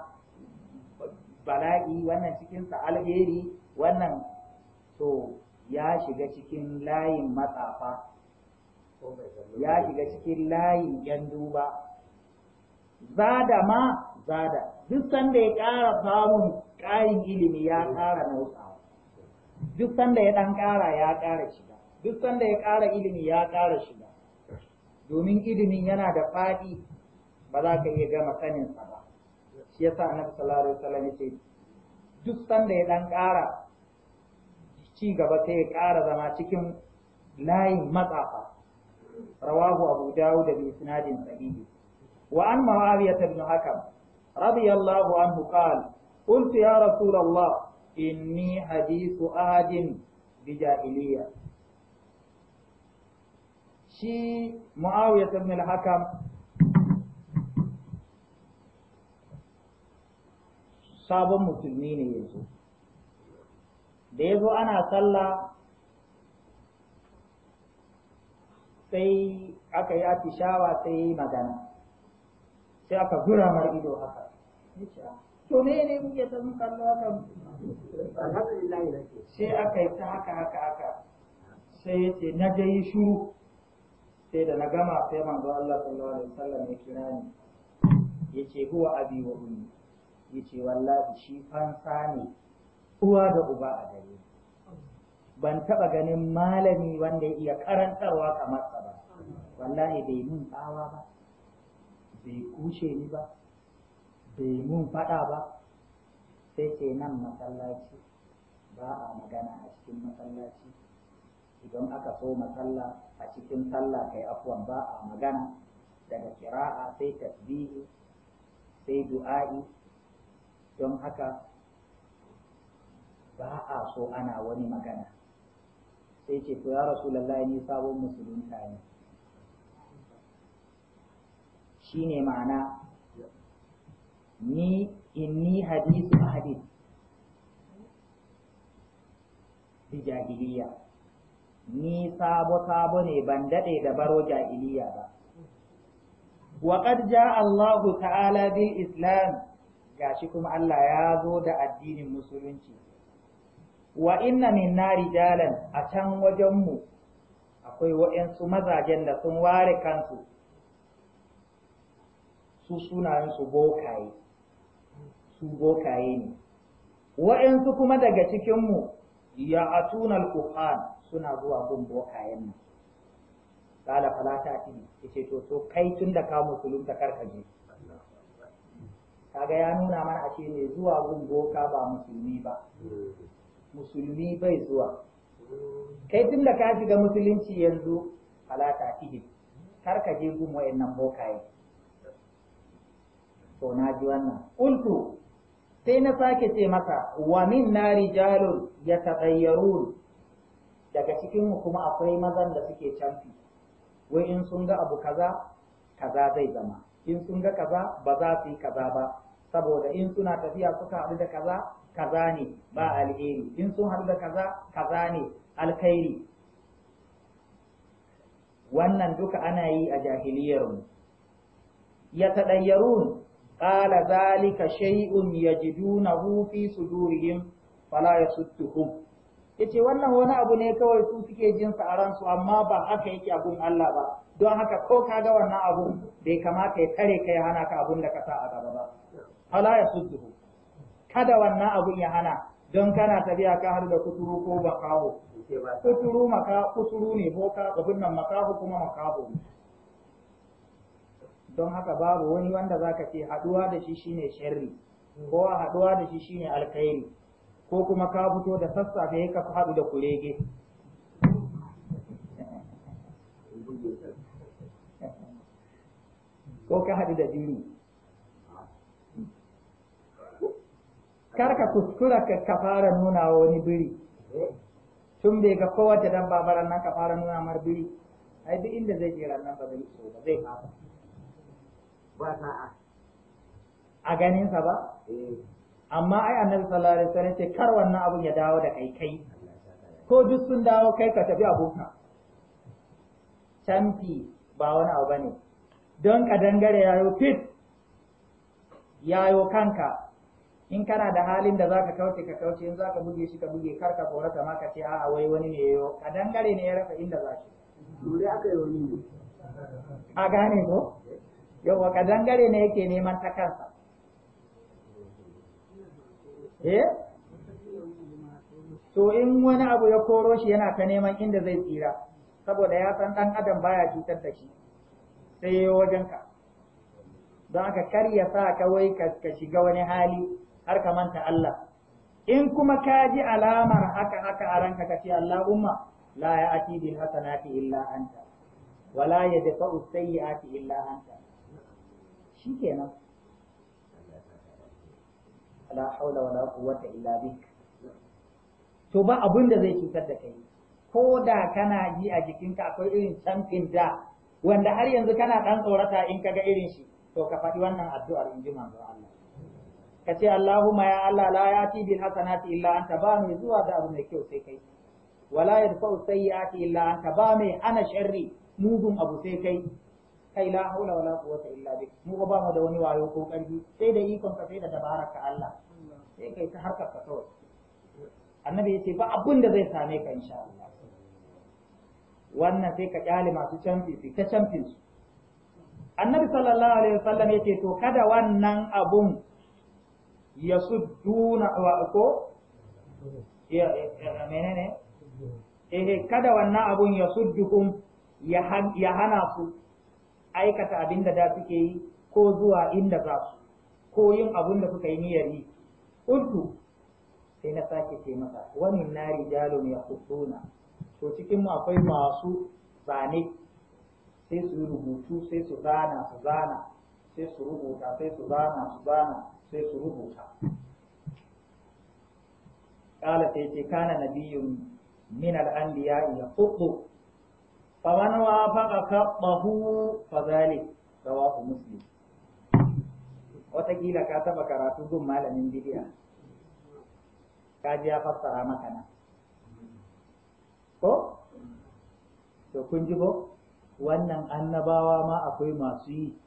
bala'i wannan cikinsa alheri wannan to ya shiga cikin layin matsafa ya shiga cikin layin yan duba zada ma zada duk sanda ya ƙara samun ƙarin ilimi ya ƙara nausa duk sanda ya ɗan ƙara ya ƙara shiga duk sanda ya ƙara ilimi ya ƙara shiga domin ilimin yana da faɗi ba za ka iya gama saninsa ba shi yasa annabi sallallahu alaihi wasallam yace duk sanda ya dan ƙara ci gaba sai ya ƙara zama cikin layin matsafa rawahu abu dawud bi isnadin sahihi wa an mawawiyah ibn hakam radiyallahu anhu qala قلت يا رسول الله إني حديث أحد بجاهلية shi muawiya ibn al-hakam sabon musulmi ne yanzu da ya zo ana sallah sai aka yi atishawa sai yi magana sai aka gura mar ido haka to ne ne muke ta mun kallo haka sai aka yi ta haka haka haka sai ya ce na ga yi shuru sai da na gama sai manzo Allah sallallahu alaihi wasallam ya kira ni yace huwa abi wa ummi yace wallahi shi fansa ne uwa da uba a gare ban taba ganin malami wanda ya iya karantarwa kamar sa ba wallahi bai mun tsawa ba bai kushe ni ba bai mun fada ba sai ce nan masallaci ba a magana a cikin masallaci idan aka so sallah a cikin sallah kai afwan ba a magana daga kira'a sai tasbihi sai du'a'i don haka ba a so ana wani magana sai ce to ya rasulullahi ni sabon musulunta ne shine ma'ana ni inni hadisu ahadith bi jahiliya ni sabo sabo ne ban daɗe da baro jahiliya ba Waƙar ja allahu Allah ta'ala bil islam gashi kuma Allah ya zo da addinin musulunci wa inna minna rijalan a can wajenmu? akwai waɗansu mazajen da sun ware kansu su sunayensu bokaye su bokaye ne wa'yansu kuma daga cikinmu ya atunan kuhan suna zuwa gun bokayen nan kala falata ti yace to to kai tun da ka musulunta karka je kaga ya nuna mana ashe ne zuwa gun boka ba musulmi ba musulmi bai zuwa kai tun da ka shiga musulunci yanzu falata ti karka je gun wayannan bokaye to na ji wannan qultu sai na sake ce masa wa min nari jalun yataghayyarun daga cikinmu kuma akwai mazan da suke canfi wai in sun ga abu kaza kaza zai zama in sun ga kaza ba za su yi kaza ba saboda in suna tafiya suka haɗu da kaza kaza ne ba alheri in sun haɗu da kaza kaza ne alkhairi wannan duka ana yi a jahiliyarmu ya taɗayyarun ƙala zalika shay'un yajidunahu fi sudurihim fala yasudduhum yace wannan wani abu ne kawai su suke jin sa a ransu amma ba haka yake abun Allah ba don haka ko ka ga wannan abun bai kamata ya tare ka ya hana ka abun da ka sa a gaba ba fala ya sudu kada wannan abun ya hana don kana tafiya ka har da kuturu ko makaho kuturu maka kuturu ne ko ka abun nan makaho kuma makaho ne don haka babu wani wanda zaka ce haduwa da shi shine sharri ko haduwa da shi shine alkhairi ko kuma ka fito da sassafe ka haɗu da kurege ko ka haɗu da jini kar ka kuskura ka fara nuna wani biri tun bai ga kowace dan babaran nan ka fara nuna mar biri ai duk inda zai jira nan ba zai so ba zai fara ba a ganin sa ba eh. amma ai annabi sallallahu alaihi wasallam ce kar wannan abun ya dawo da kai kai ko duk sun dawo kai ka tafi abuka canfi ba wani abu bane don ka dangare yayo fit yayo kanka in kana da halin da zaka kauce ka kauce in zaka buge shi ka buge kar ka korata ma ka ce a'a wai wani ne yayo ka dangare ne ya rasa inda za shi dole aka yi wani a gane ko yawa ka dangare ne yake neman ta kansa eh to in wani abu ya koro shi yana ta neman inda zai tsira saboda ya san dan adam baya cutar da shi sai ya wajen ka don haka kar ya sa ka wai ka shiga wani hali har ka manta Allah in kuma ka ji alamar haka haka a ranka ka ce Allahumma la ati bil hasanati illa anta wala usayyi ati illa anta shikenan la haula wala quwwata illa bik to ba abin da zai cutar da kai ko da kana ji a jikinka akwai irin camfin da wanda har yanzu kana dan tsorata in kaga irin shi to ka faɗi wannan addu'ar in ji manzon Allah ka ce Allahumma ya Allah la yati bil hasanati illa anta ba mai zuwa da abu mai kyau sai kai wala yadfa'u sayyi'ati illa anta ba mai ana sharri mugun abu sai kai kai la haula wala quwwata illa bik mu ba mu da wani wayo ko karfi sai da ikon ka sai da dabarar ka Allah sai kai ta harkar ka kawai annabi yace ba abun da zai same ka insha Allah wannan sai ka kyale masu canfi su ta annabi sallallahu alaihi wasallam yace to kada wannan abun ya sudduna wa ko ya menene eh, eh kada wannan abun ya suddukum ya hana su aikata abin da da suke yi ko zuwa inda za su ko yin abin da suka yi niyyar yi qultu sai na sake ce masa wa min nari ya kusuna to cikin mu akwai masu zane sai su rubutu sai su zana su zana sai su rubuta sai su zana su zana sai su rubuta kala sai ce kana nabiyun min ya anbiya faman wafaqa qabbahu fa zalik rawahu muslim wataƙila ka taɓa karatu gun malamin bidiya ka ji ya fassara maka nan ko to kun ji wannan annabawa ma akwai masu yi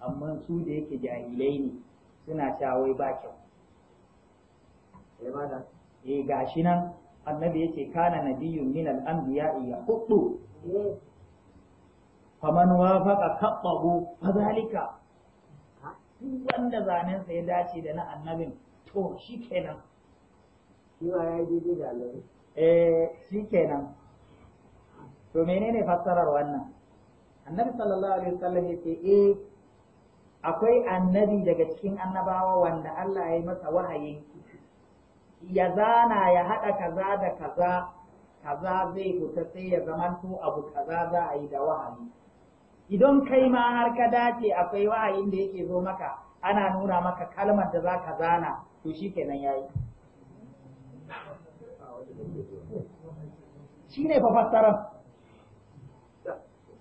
amma su da yake jahilai ne suna shawai ba kyau eh gashi nan annabi yake kana nabiyyun min al-anbiya'i yaquttu faman wafaqa qabbahu fadhalika duk wanda zanen sa ya dace da na annabin to shikenan shi ma ya ji da eh shikenan to menene fassarar wannan annabi sallallahu alaihi wasallam yake eh akwai annabi daga cikin annabawa wanda Allah ya yi masa wahayin ya zana ya haɗa kaza da kaza kaza zai fita sai ya zamanto abu kaza za a yi da wahayi idan kai ma har ka dace akwai wahayin da yake zo maka ana nuna maka kalmar da za ka zana to shi kenan ya yi shi ne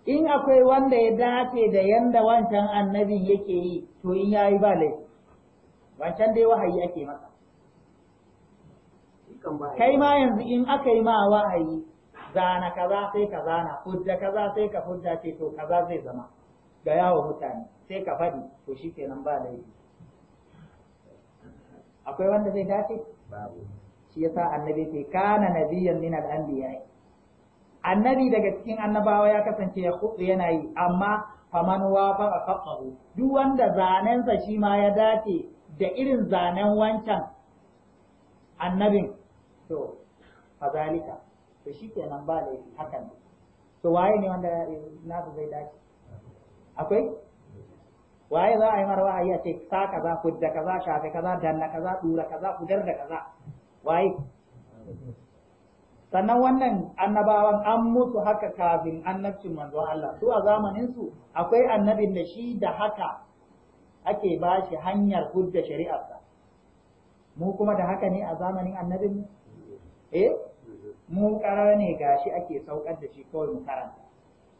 in akwai wanda ya dace da yanda wancan annabi yake yi to in ya yi ba laifi wancan dai wahayi ake maka. kai ma yanzu in aka yi ma wa'ayi zana kaza sai ka zana hujja kaza sai ka hujja ce to kaza zai zama ga yawo mutane sai ka faɗi to shi kenan ba laifi akwai wanda zai dace babu shi yasa annabi ke kana nabiyyan min al-anbiya annabi daga cikin annabawa ya kasance ya kudu yana yi amma faman wa ba faqahu duk wanda zanensa shi ma ya dace da irin zanen wancan annabin to fazalika to shi ke nan ba laifi hakan ne. to waye ne wanda eh, nasu zai dace akwai waye za a yi marwa a ce sa kaza kudda kaza shafe kaza danna kaza dura kaza kudar da kaza waye sannan wannan annabawan an mutu haka kafin annabcin manzo Allah su a zamanin su akwai annabin da shi da haka ake ba shi hanyar hujja shari'arsa mu kuma da haka ne a zamanin annabin eh mu karar ne gashi ake saukar da shi kawai mu karanta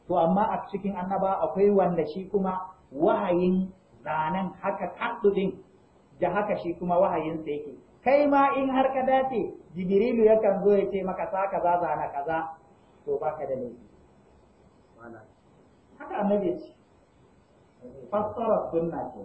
to amma a cikin annaba akwai wanda shi kuma wahayin zanen haka kaddudin da haka shi kuma wahayin sa yake kai ma in har ka dace jibrilu yakan zo ya ce maka sa kaza zana kaza to baka da laifi haka annabi ce fassara sunna ce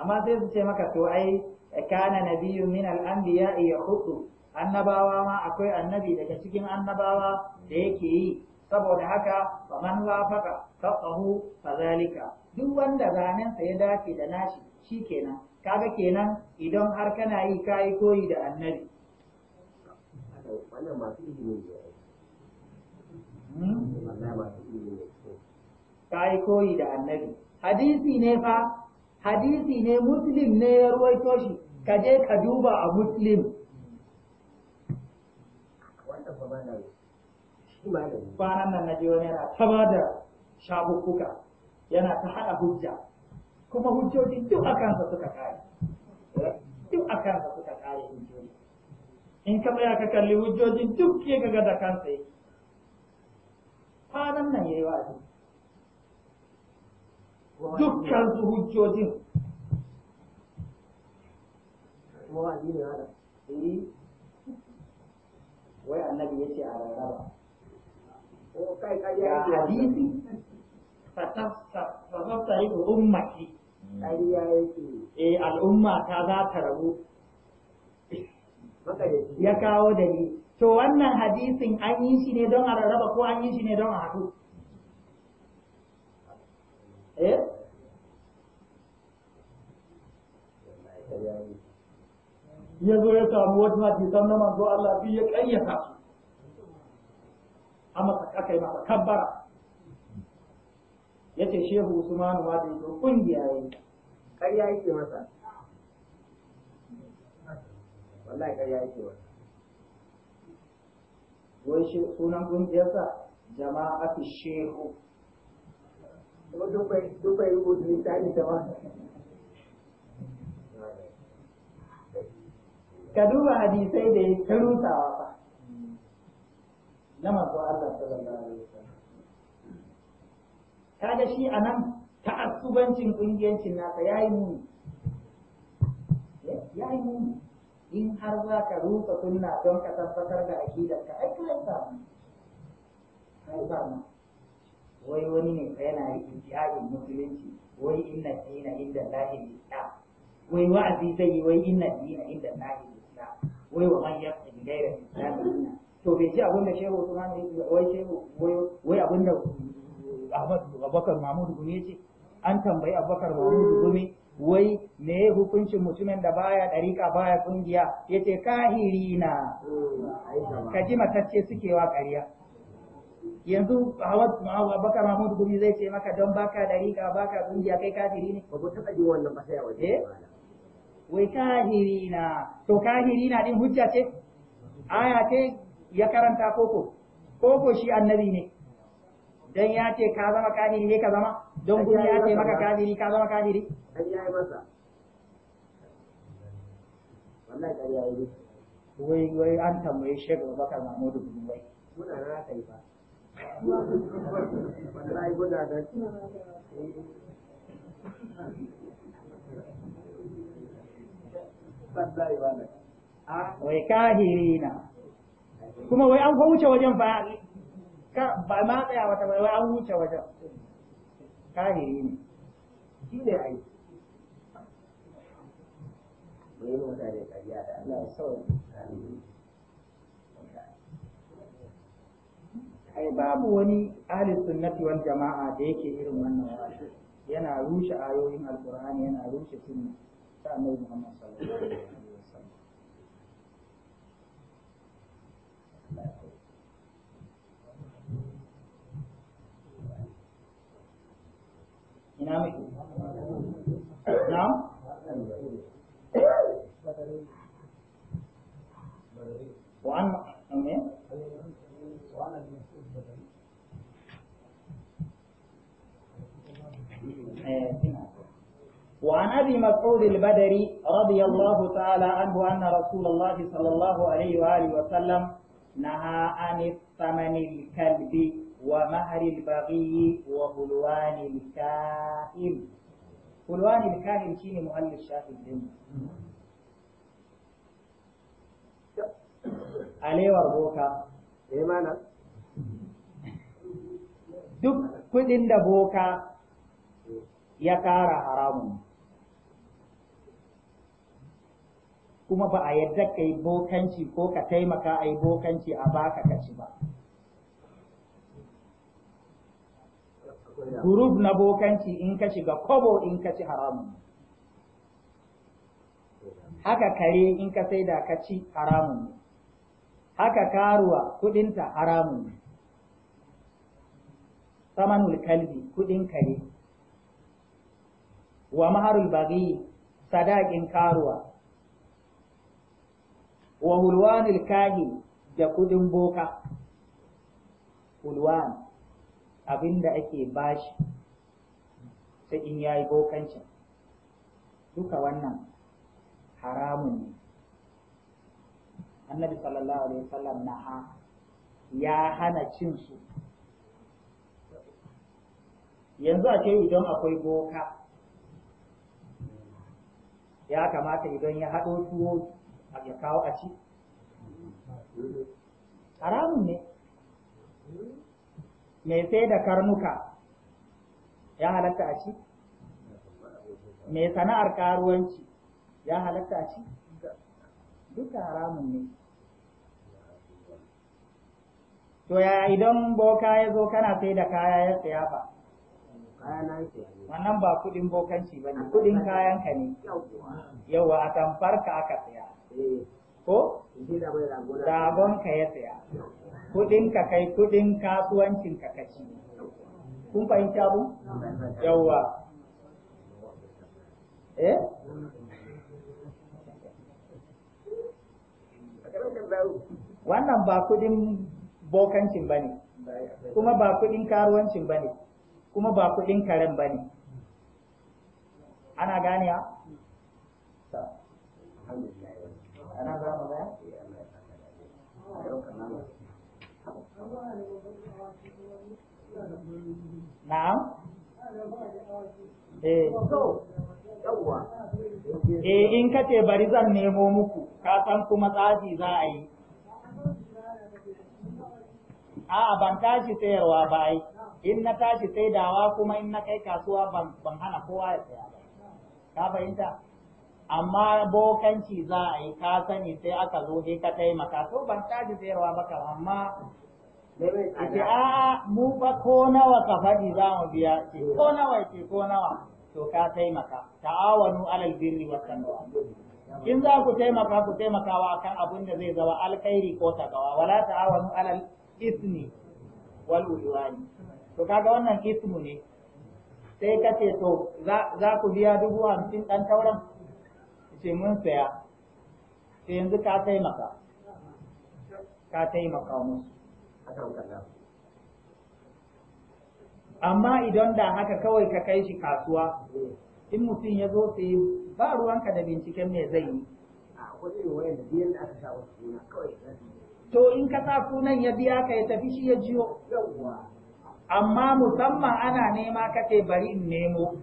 amma sai su ce maka to ai kana nabiyyun min al-anbiya yakhuddu annabawa ma akwai annabi daga cikin annabawa da yake yi saboda haka faman wafaka faqahu fazalika duk wanda zanensa ya dace da nashi shikenan kaga kenan idan har kana yi kai koyi da annabi wannan masu ne hmm? kai koyi da annabi hadisi ne fa hadisi ne muslim ne ya ruwaito shi ka je ka duba a muslim kuma hujjoji duk a kansa suka kare duk a kansa suka kare in ka ya ka kalli hujjojin duk ke ga da kansa yake kwanan nan ya yi wa'azi dukkan su hujjojin eh. wai annabi ya ce a rarraba eh, kai kai ya hadisi fatafta yi ummati ƙariya yake eh al'umma ta za ta rabu ya kawo da ni to wannan hadisin an yi shi ne don a rarraba ko an yi shi ne don a haɗu ya zo ya samu wasu san na manzo Allah bi ya kayyata su amma aka yi masa kabbara yace shehu Usman ma da yake kungiya yayi yi ke masa wallahi ƙarya ke masa wai shi sunan kungiyarsa jama'atu shehu duk bai rubuta littafi ta ba ka duba hadisai da ya ta rusawa ba. na masu Allah sallallahu alaihi wasallam kaga shi anan ta'assubancin ƙungiyancin nasa ya yi muni eh, ya yi muni in har za ka rusa sunna don ka tabbatar da ka ai ya samu kai samu wai wani ne ka yana ijtihadin musulunci wai inna dina inda lahi wai wa'azi zai yi wai inna dina inda lahi Wai wa ta الإسلام ومن يبتغي غير الإسلام دينا to bai ji abin da shehu Usman wai shehu wai abin da Ahmad Abubakar Mahmud Gumi ce? an tambayi Abubakar Mahmud Gumi wai me ya hukuncin mutumin da baya dariƙa baya kungiya yace kahirina ka ji matacce suke wa ƙarya yanzu Abubakar Mahmud Gumi zai ce maka don baka dariƙa baka kungiya kai kafiri ne ba ku taɓa ji wannan ba sai a waje eh? wai kahirina to kahirina din hujja ce aya ce ya karanta koko koko shi annabi ne dan ya ce ka zama kahiri ne ka zama don gudu ya ce maka kahiri ka zama kahiri dan yayi masa wallahi kariya yayi wai wai an tambaye baka na mu dubu wai muna na kai ba wallahi muna da wai kahirina kuma wai an wuce wajen ba. ba ma tsaya wata wai an wuce wajen kahiri ne shi ne ai wai mutane kariya da Allah sauri ai babu wani ahli sunnati wal jama'a da yake irin wannan yana rushe ayoyin alqur'ani yana rushe sunna ta annabi Muhammad sallallahu alaihi wasallam ina muke na وعن أمين وعن أبي وعن أبي مسعود البدري رضي الله تعالى عنه أن رسول الله صلى الله عليه وآله وسلم نهى عن ثمن الكلب ومهر البغي وهلوان الكائن هلوان الكائن شيني مؤلف شافي الدين علي وربوكا ايمانا دك da دبوكا يا كارا حرام kuma ba a yadda ka yi bokanci ko ka taimaka a yi bokanci a baka ka ci ba guruf na bokanci in ka shiga kobo in ka ci haramun haka kare in ka sai da ka ci haramun haka karuwa kudinta haramun ne samanul kalbi kudin kare wa maharul bagi sadakin karuwa wa hulwanil kahin da kudin boka hulwan abinda ake bashi sai in yayi bokancin duka wannan haramun ne annabi sallallahu alaihi wasallam ha ya hana cin su yanzu a ce idan akwai boka ya kamata idan ya haɗo tuwo ya kawo a ci haramun ne mai sai da karnuka ya halatta a ci mai sana'ar karuwanci ya halatta a ci duka haramun ne to ya idan boka ya zo kana sai da kaya ya tsaya ba? wannan ba kudin bokanci ba ne kudin kayanka ne yauwa a tamfarka aka tsaya Eh, ko rabon ka ya saya kudin ka kai kudin kasuwancin ka kaci kun fahimci abu yawa eh wannan ba kudin bokancin bane kuma ba kudin karuwancin bane kuma ba kudin karen bane ana gane ha? alhamdulillah ana eh. eh in kace bari zan nemo muku ka san kuma tsafi za a yi a'a ban tashi sayarwa ba yi, in na tashi dawa kuma in na kai kasuwa ban hana kowa ya saya ba ka fahimta amma bokanci za a yi ka sani sai aka zo dai ka taimaka to ban tashi sayarwa ba kam amma ce a mu ba ko nawa ka faɗi za mu biya ce ko nawa ce ko nawa to ka taimaka ta'awanu alal birri wa taqwa in za ku taimaka ku taimakawa akan abin da zai zama alkhairi ko takawa wala ta'awanu alal ismi wal udwani to kaga wannan ismu ne sai ka ce to za ku biya dubu hamsin ɗan tauran amma idan da haka kawai ka kai shi kasuwa in mutum ya zo sai ba ruwanka da binciken me zai yi to in ka sa sunan ya biya ka ya tafi shi ya jiyo amma musamman ana nema kake bari in nemo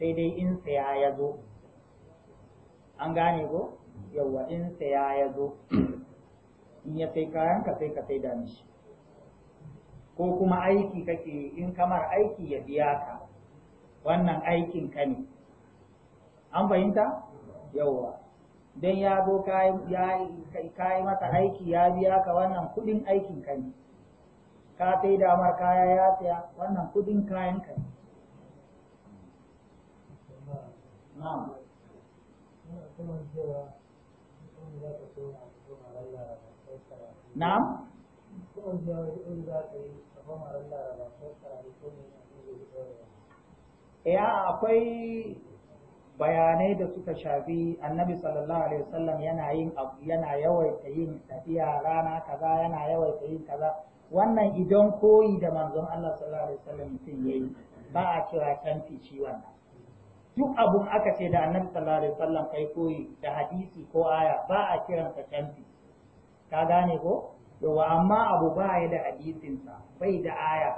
sai dai in saya ya zo an gane ko yawa in saya ya zo in ya sai kayan ka sai ka sai da mishi ko kuma aiki kake in kamar aiki ya biya ka wannan aikin ka ne an fahimta yawa don ya zo kayi masa aiki ya biya ka wannan kudin aikin ka ne ka sai damar kaya ya tsaya wannan kudin kayan ka ne na'am ya akwai bayanai da suka shafi annabi sallallahu alaihi wasallam yana yin yin tafiya rana kaza yana yawaita yin kaza wannan idan koyi da manzon Allah sallallahu alaihi wasallam mutum yayi ba a kira ciwon. duk abun aka ce da annabi sallallahu alaihi wasallam kai koyi da hadisi ko aya ba a kiransa canfi ka gane ko yawa amma abu ba ya da hadisinsa bai da aya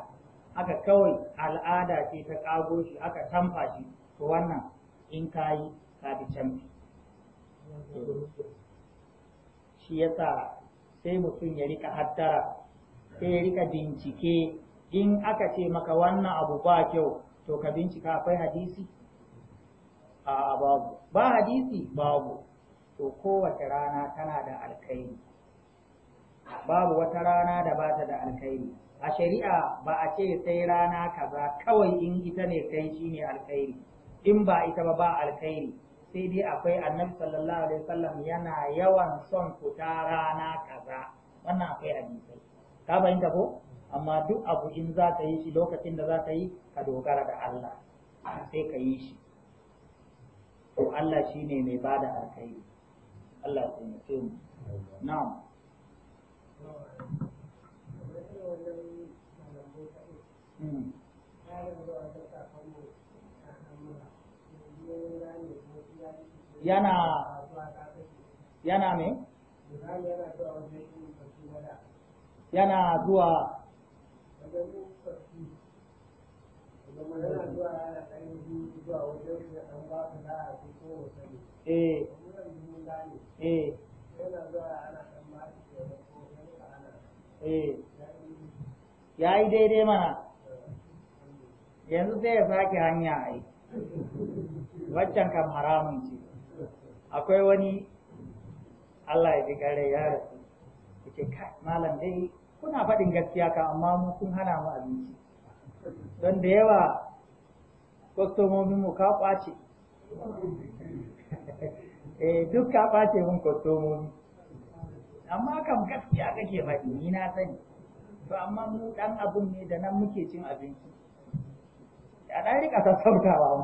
aka kawai al'ada ce ta kago shi aka tamfa shi to wannan in ka yi ka bi canfi shi yasa sai mutum ya rika haddara, sai ya rika bincike in aka ce maka wannan abu ba kyau to ka bincika akwai hadisi A'a, babu ba hadisi babu to kowace rana tana da alkhairi babu wata rana da bata da alkhairi a shari'a ba a ce sai rana kaza kawai in ita ne kai shine alkhairi in ba ita ba ba alkhairi sai dai akwai annabi sallallahu alaihi wasallam yana yawan son fita rana kaza wannan akwai hadisai ka fahimta ko amma duk abu in za ka yi shi lokacin da za ta yi ka dogara da Allah sai ka yi shi to Allah shi ne mai ba da alkhairi Allah ya taimake mu na'am hmm. yana yana me yana zuwa Eh. Eh. ya yi daidai mana yanzu sai ya sake hanya a yi waccan kan haramun ce akwai wani Allah ya fi kare ya rasu ya ce kai malam dai kuna faɗin gaskiya ka amma mu kun hana mu abinci don da yawa kwastomominmu ka kwace eh duk ka kwace mun kwastomomi amma kam gaskiya kake faɗi ni na sani to amma mu dan abun ne da nan muke cin abinci ya ɗan rika sassautawa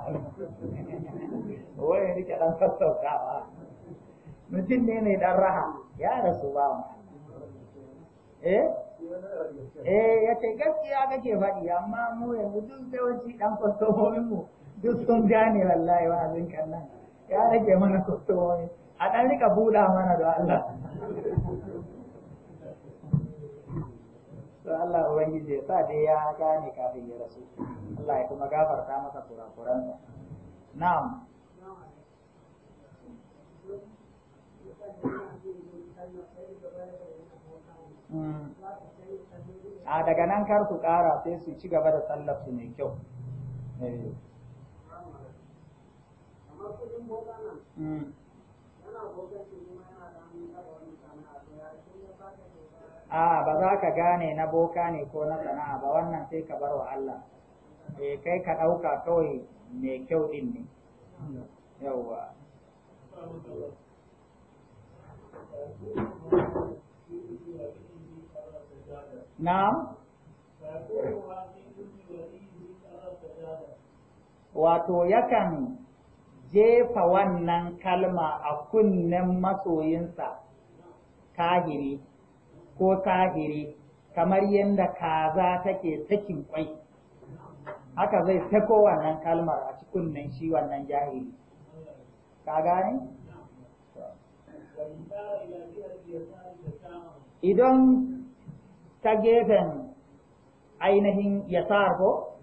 wani rika ɗan sassautawa mutum ne mai ɗan raha ya rasu ba mu eh eh ya ce gaskiya kake faɗi amma mu yanzu duk yawanci ɗan kwastomomin mu duk sun gane wallahi wa abin kallon ya rage mana kwastomomi a ɗan rika buɗa mana da Allah to Allah ubangiji ya sa dai ya gane kafin ya rasu Allah ya kuma gafarta masa kurakuransa na'am Thank you. Hmm. a ah, daga nan kar su ƙara sai su ci gaba da sallar su mai kyau eh. hmm. a ah, ba za ka gane na boka ne ko na sana'a ba wannan sai ka bar wa Allah eh kai ka ɗauka kawai mai kyau ɗin ne yawwa Thank you. na'am wato yakan jefa wannan kalma a kunnen masoyinsa kahiri ko kahiri kamar yadda kaza take sakin kwai haka zai sako wannan kalmar a kunnen shi wannan jahili ka gane? idan ta gefen ainihin ya ko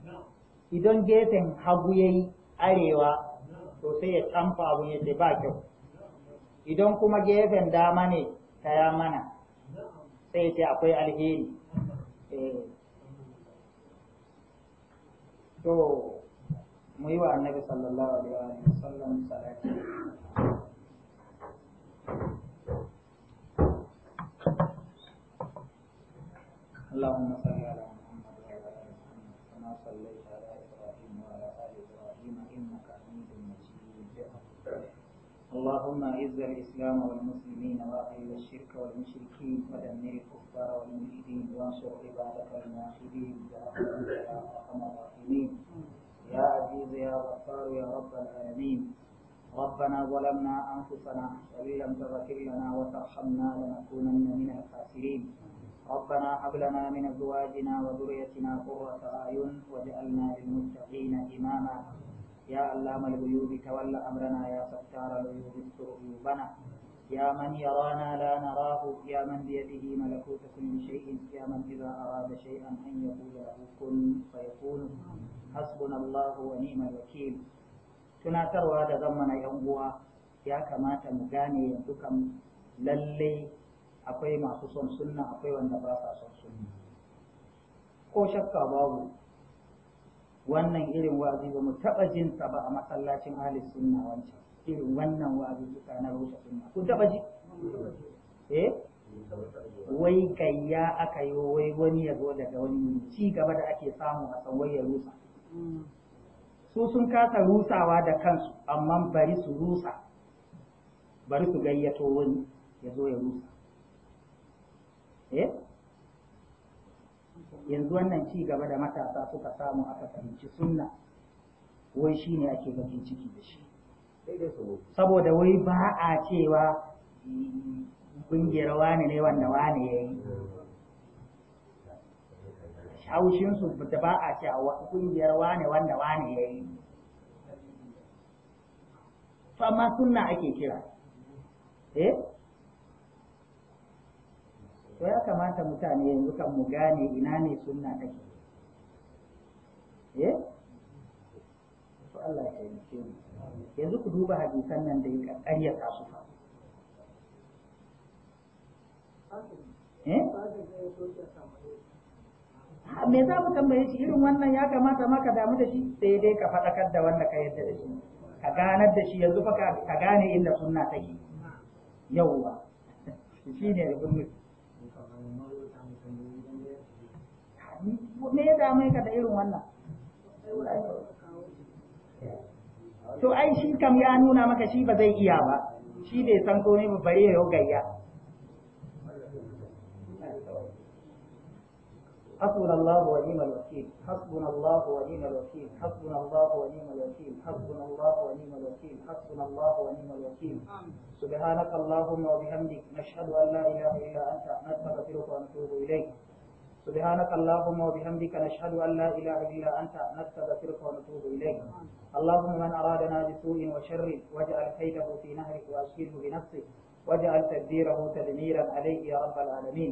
idan gefen hagu yayi arewa to sai ya canfa abun ya ba kyau idan kuma gefen dama ne ta ya mana sai ce akwai alheri eh. to mu yi wa annabi sallallahu alaihi wa sallam salati اللهم صل على محمد وعلى ال محمد كما صليت على ابراهيم وعلى ال ابراهيم انك حميد مجيد اللهم اعز الاسلام والمسلمين واذل الشرك والمشركين ودمر الكفار والملحدين وانصر عبادك الموحدين يا ارحم الراحمين يا عزيز يا غفار يا رب العالمين ربنا ظلمنا انفسنا وان لم تغفر لنا وترحمنا لنكونن من الخاسرين ربنا هب لنا من أزواجنا وذريتنا قرة أعين واجعلنا للمتقين إماما يا علام الغيوب تولى أمرنا يا ستار الغيوب استر غيوبنا يا من يرانا لا نراه يا من بيده ملكوت كل شيء يا من إذا أراد شيئا أن يقول له كن فيكون حسبنا الله ونعم الوكيل تنا ترى هذا ضمن yan uwa ya kamata mu akwai masu son sunna akwai wanda ba sa son sunna ko shakka babu wannan irin wazi ba mu taɓa jin sa ba a masallacin ahli sunna wancan irin wannan wazi suka na rusa sunna ku taɓa ji eh wai gayya aka yi wai wani ya zo daga wani ci gaba da ake samu a san ya rusa su sun kasa rusawa da kansu amma bari su rusa bari su gayyato wani ya zo ya rusa Eh? yanzu wannan ci gaba da matasa suka samu aka fahimci sunna wai shi ne ake bakin ciki da shi saboda wai ba a cewa ƙungiyar wani ne wanda wani ya yi haushinsu da ba a ce a ƙungiyar wani wanda wani ya yi to amma sunna ake kira eh to ya kamata mutane yanzu kan mu gane ina ne sunna take eh to Allah ya taimake mu yanzu ku duba hadisan nan da ya ƙaryata su fa eh me za mu tambaye shi irin wannan ya kamata ma ka damu da shi sai dai ka faɗakar da wanda ka yarda da shi ka ganar da shi yanzu fa ka gane inda sunna take yauwa shi ne rubutu me ya ka da irin wannan to ai shi kam ya nuna maka shi ba zai iya ba shi bai san komai ba bare ya gayya حسبنا الله ونعم الوكيل حسبنا الله ونعم الوكيل حسبنا الله ونعم الوكيل حسبنا الله ونعم الوكيل حسبنا الله ونعم الوكيل سبحانك اللهم وبحمدك نشهد ان لا اله الا انت نستغفرك ونتوب اليك سبحانك اللهم وبحمدك نشهد أن لا إله إلا أنت نستغفرك ونتوب إليك اللهم من أرادنا بسوء وشر واجعل كيده في نهرك وأشكله بنفسك واجعل تدبيره تدميرا عليك يا رب العالمين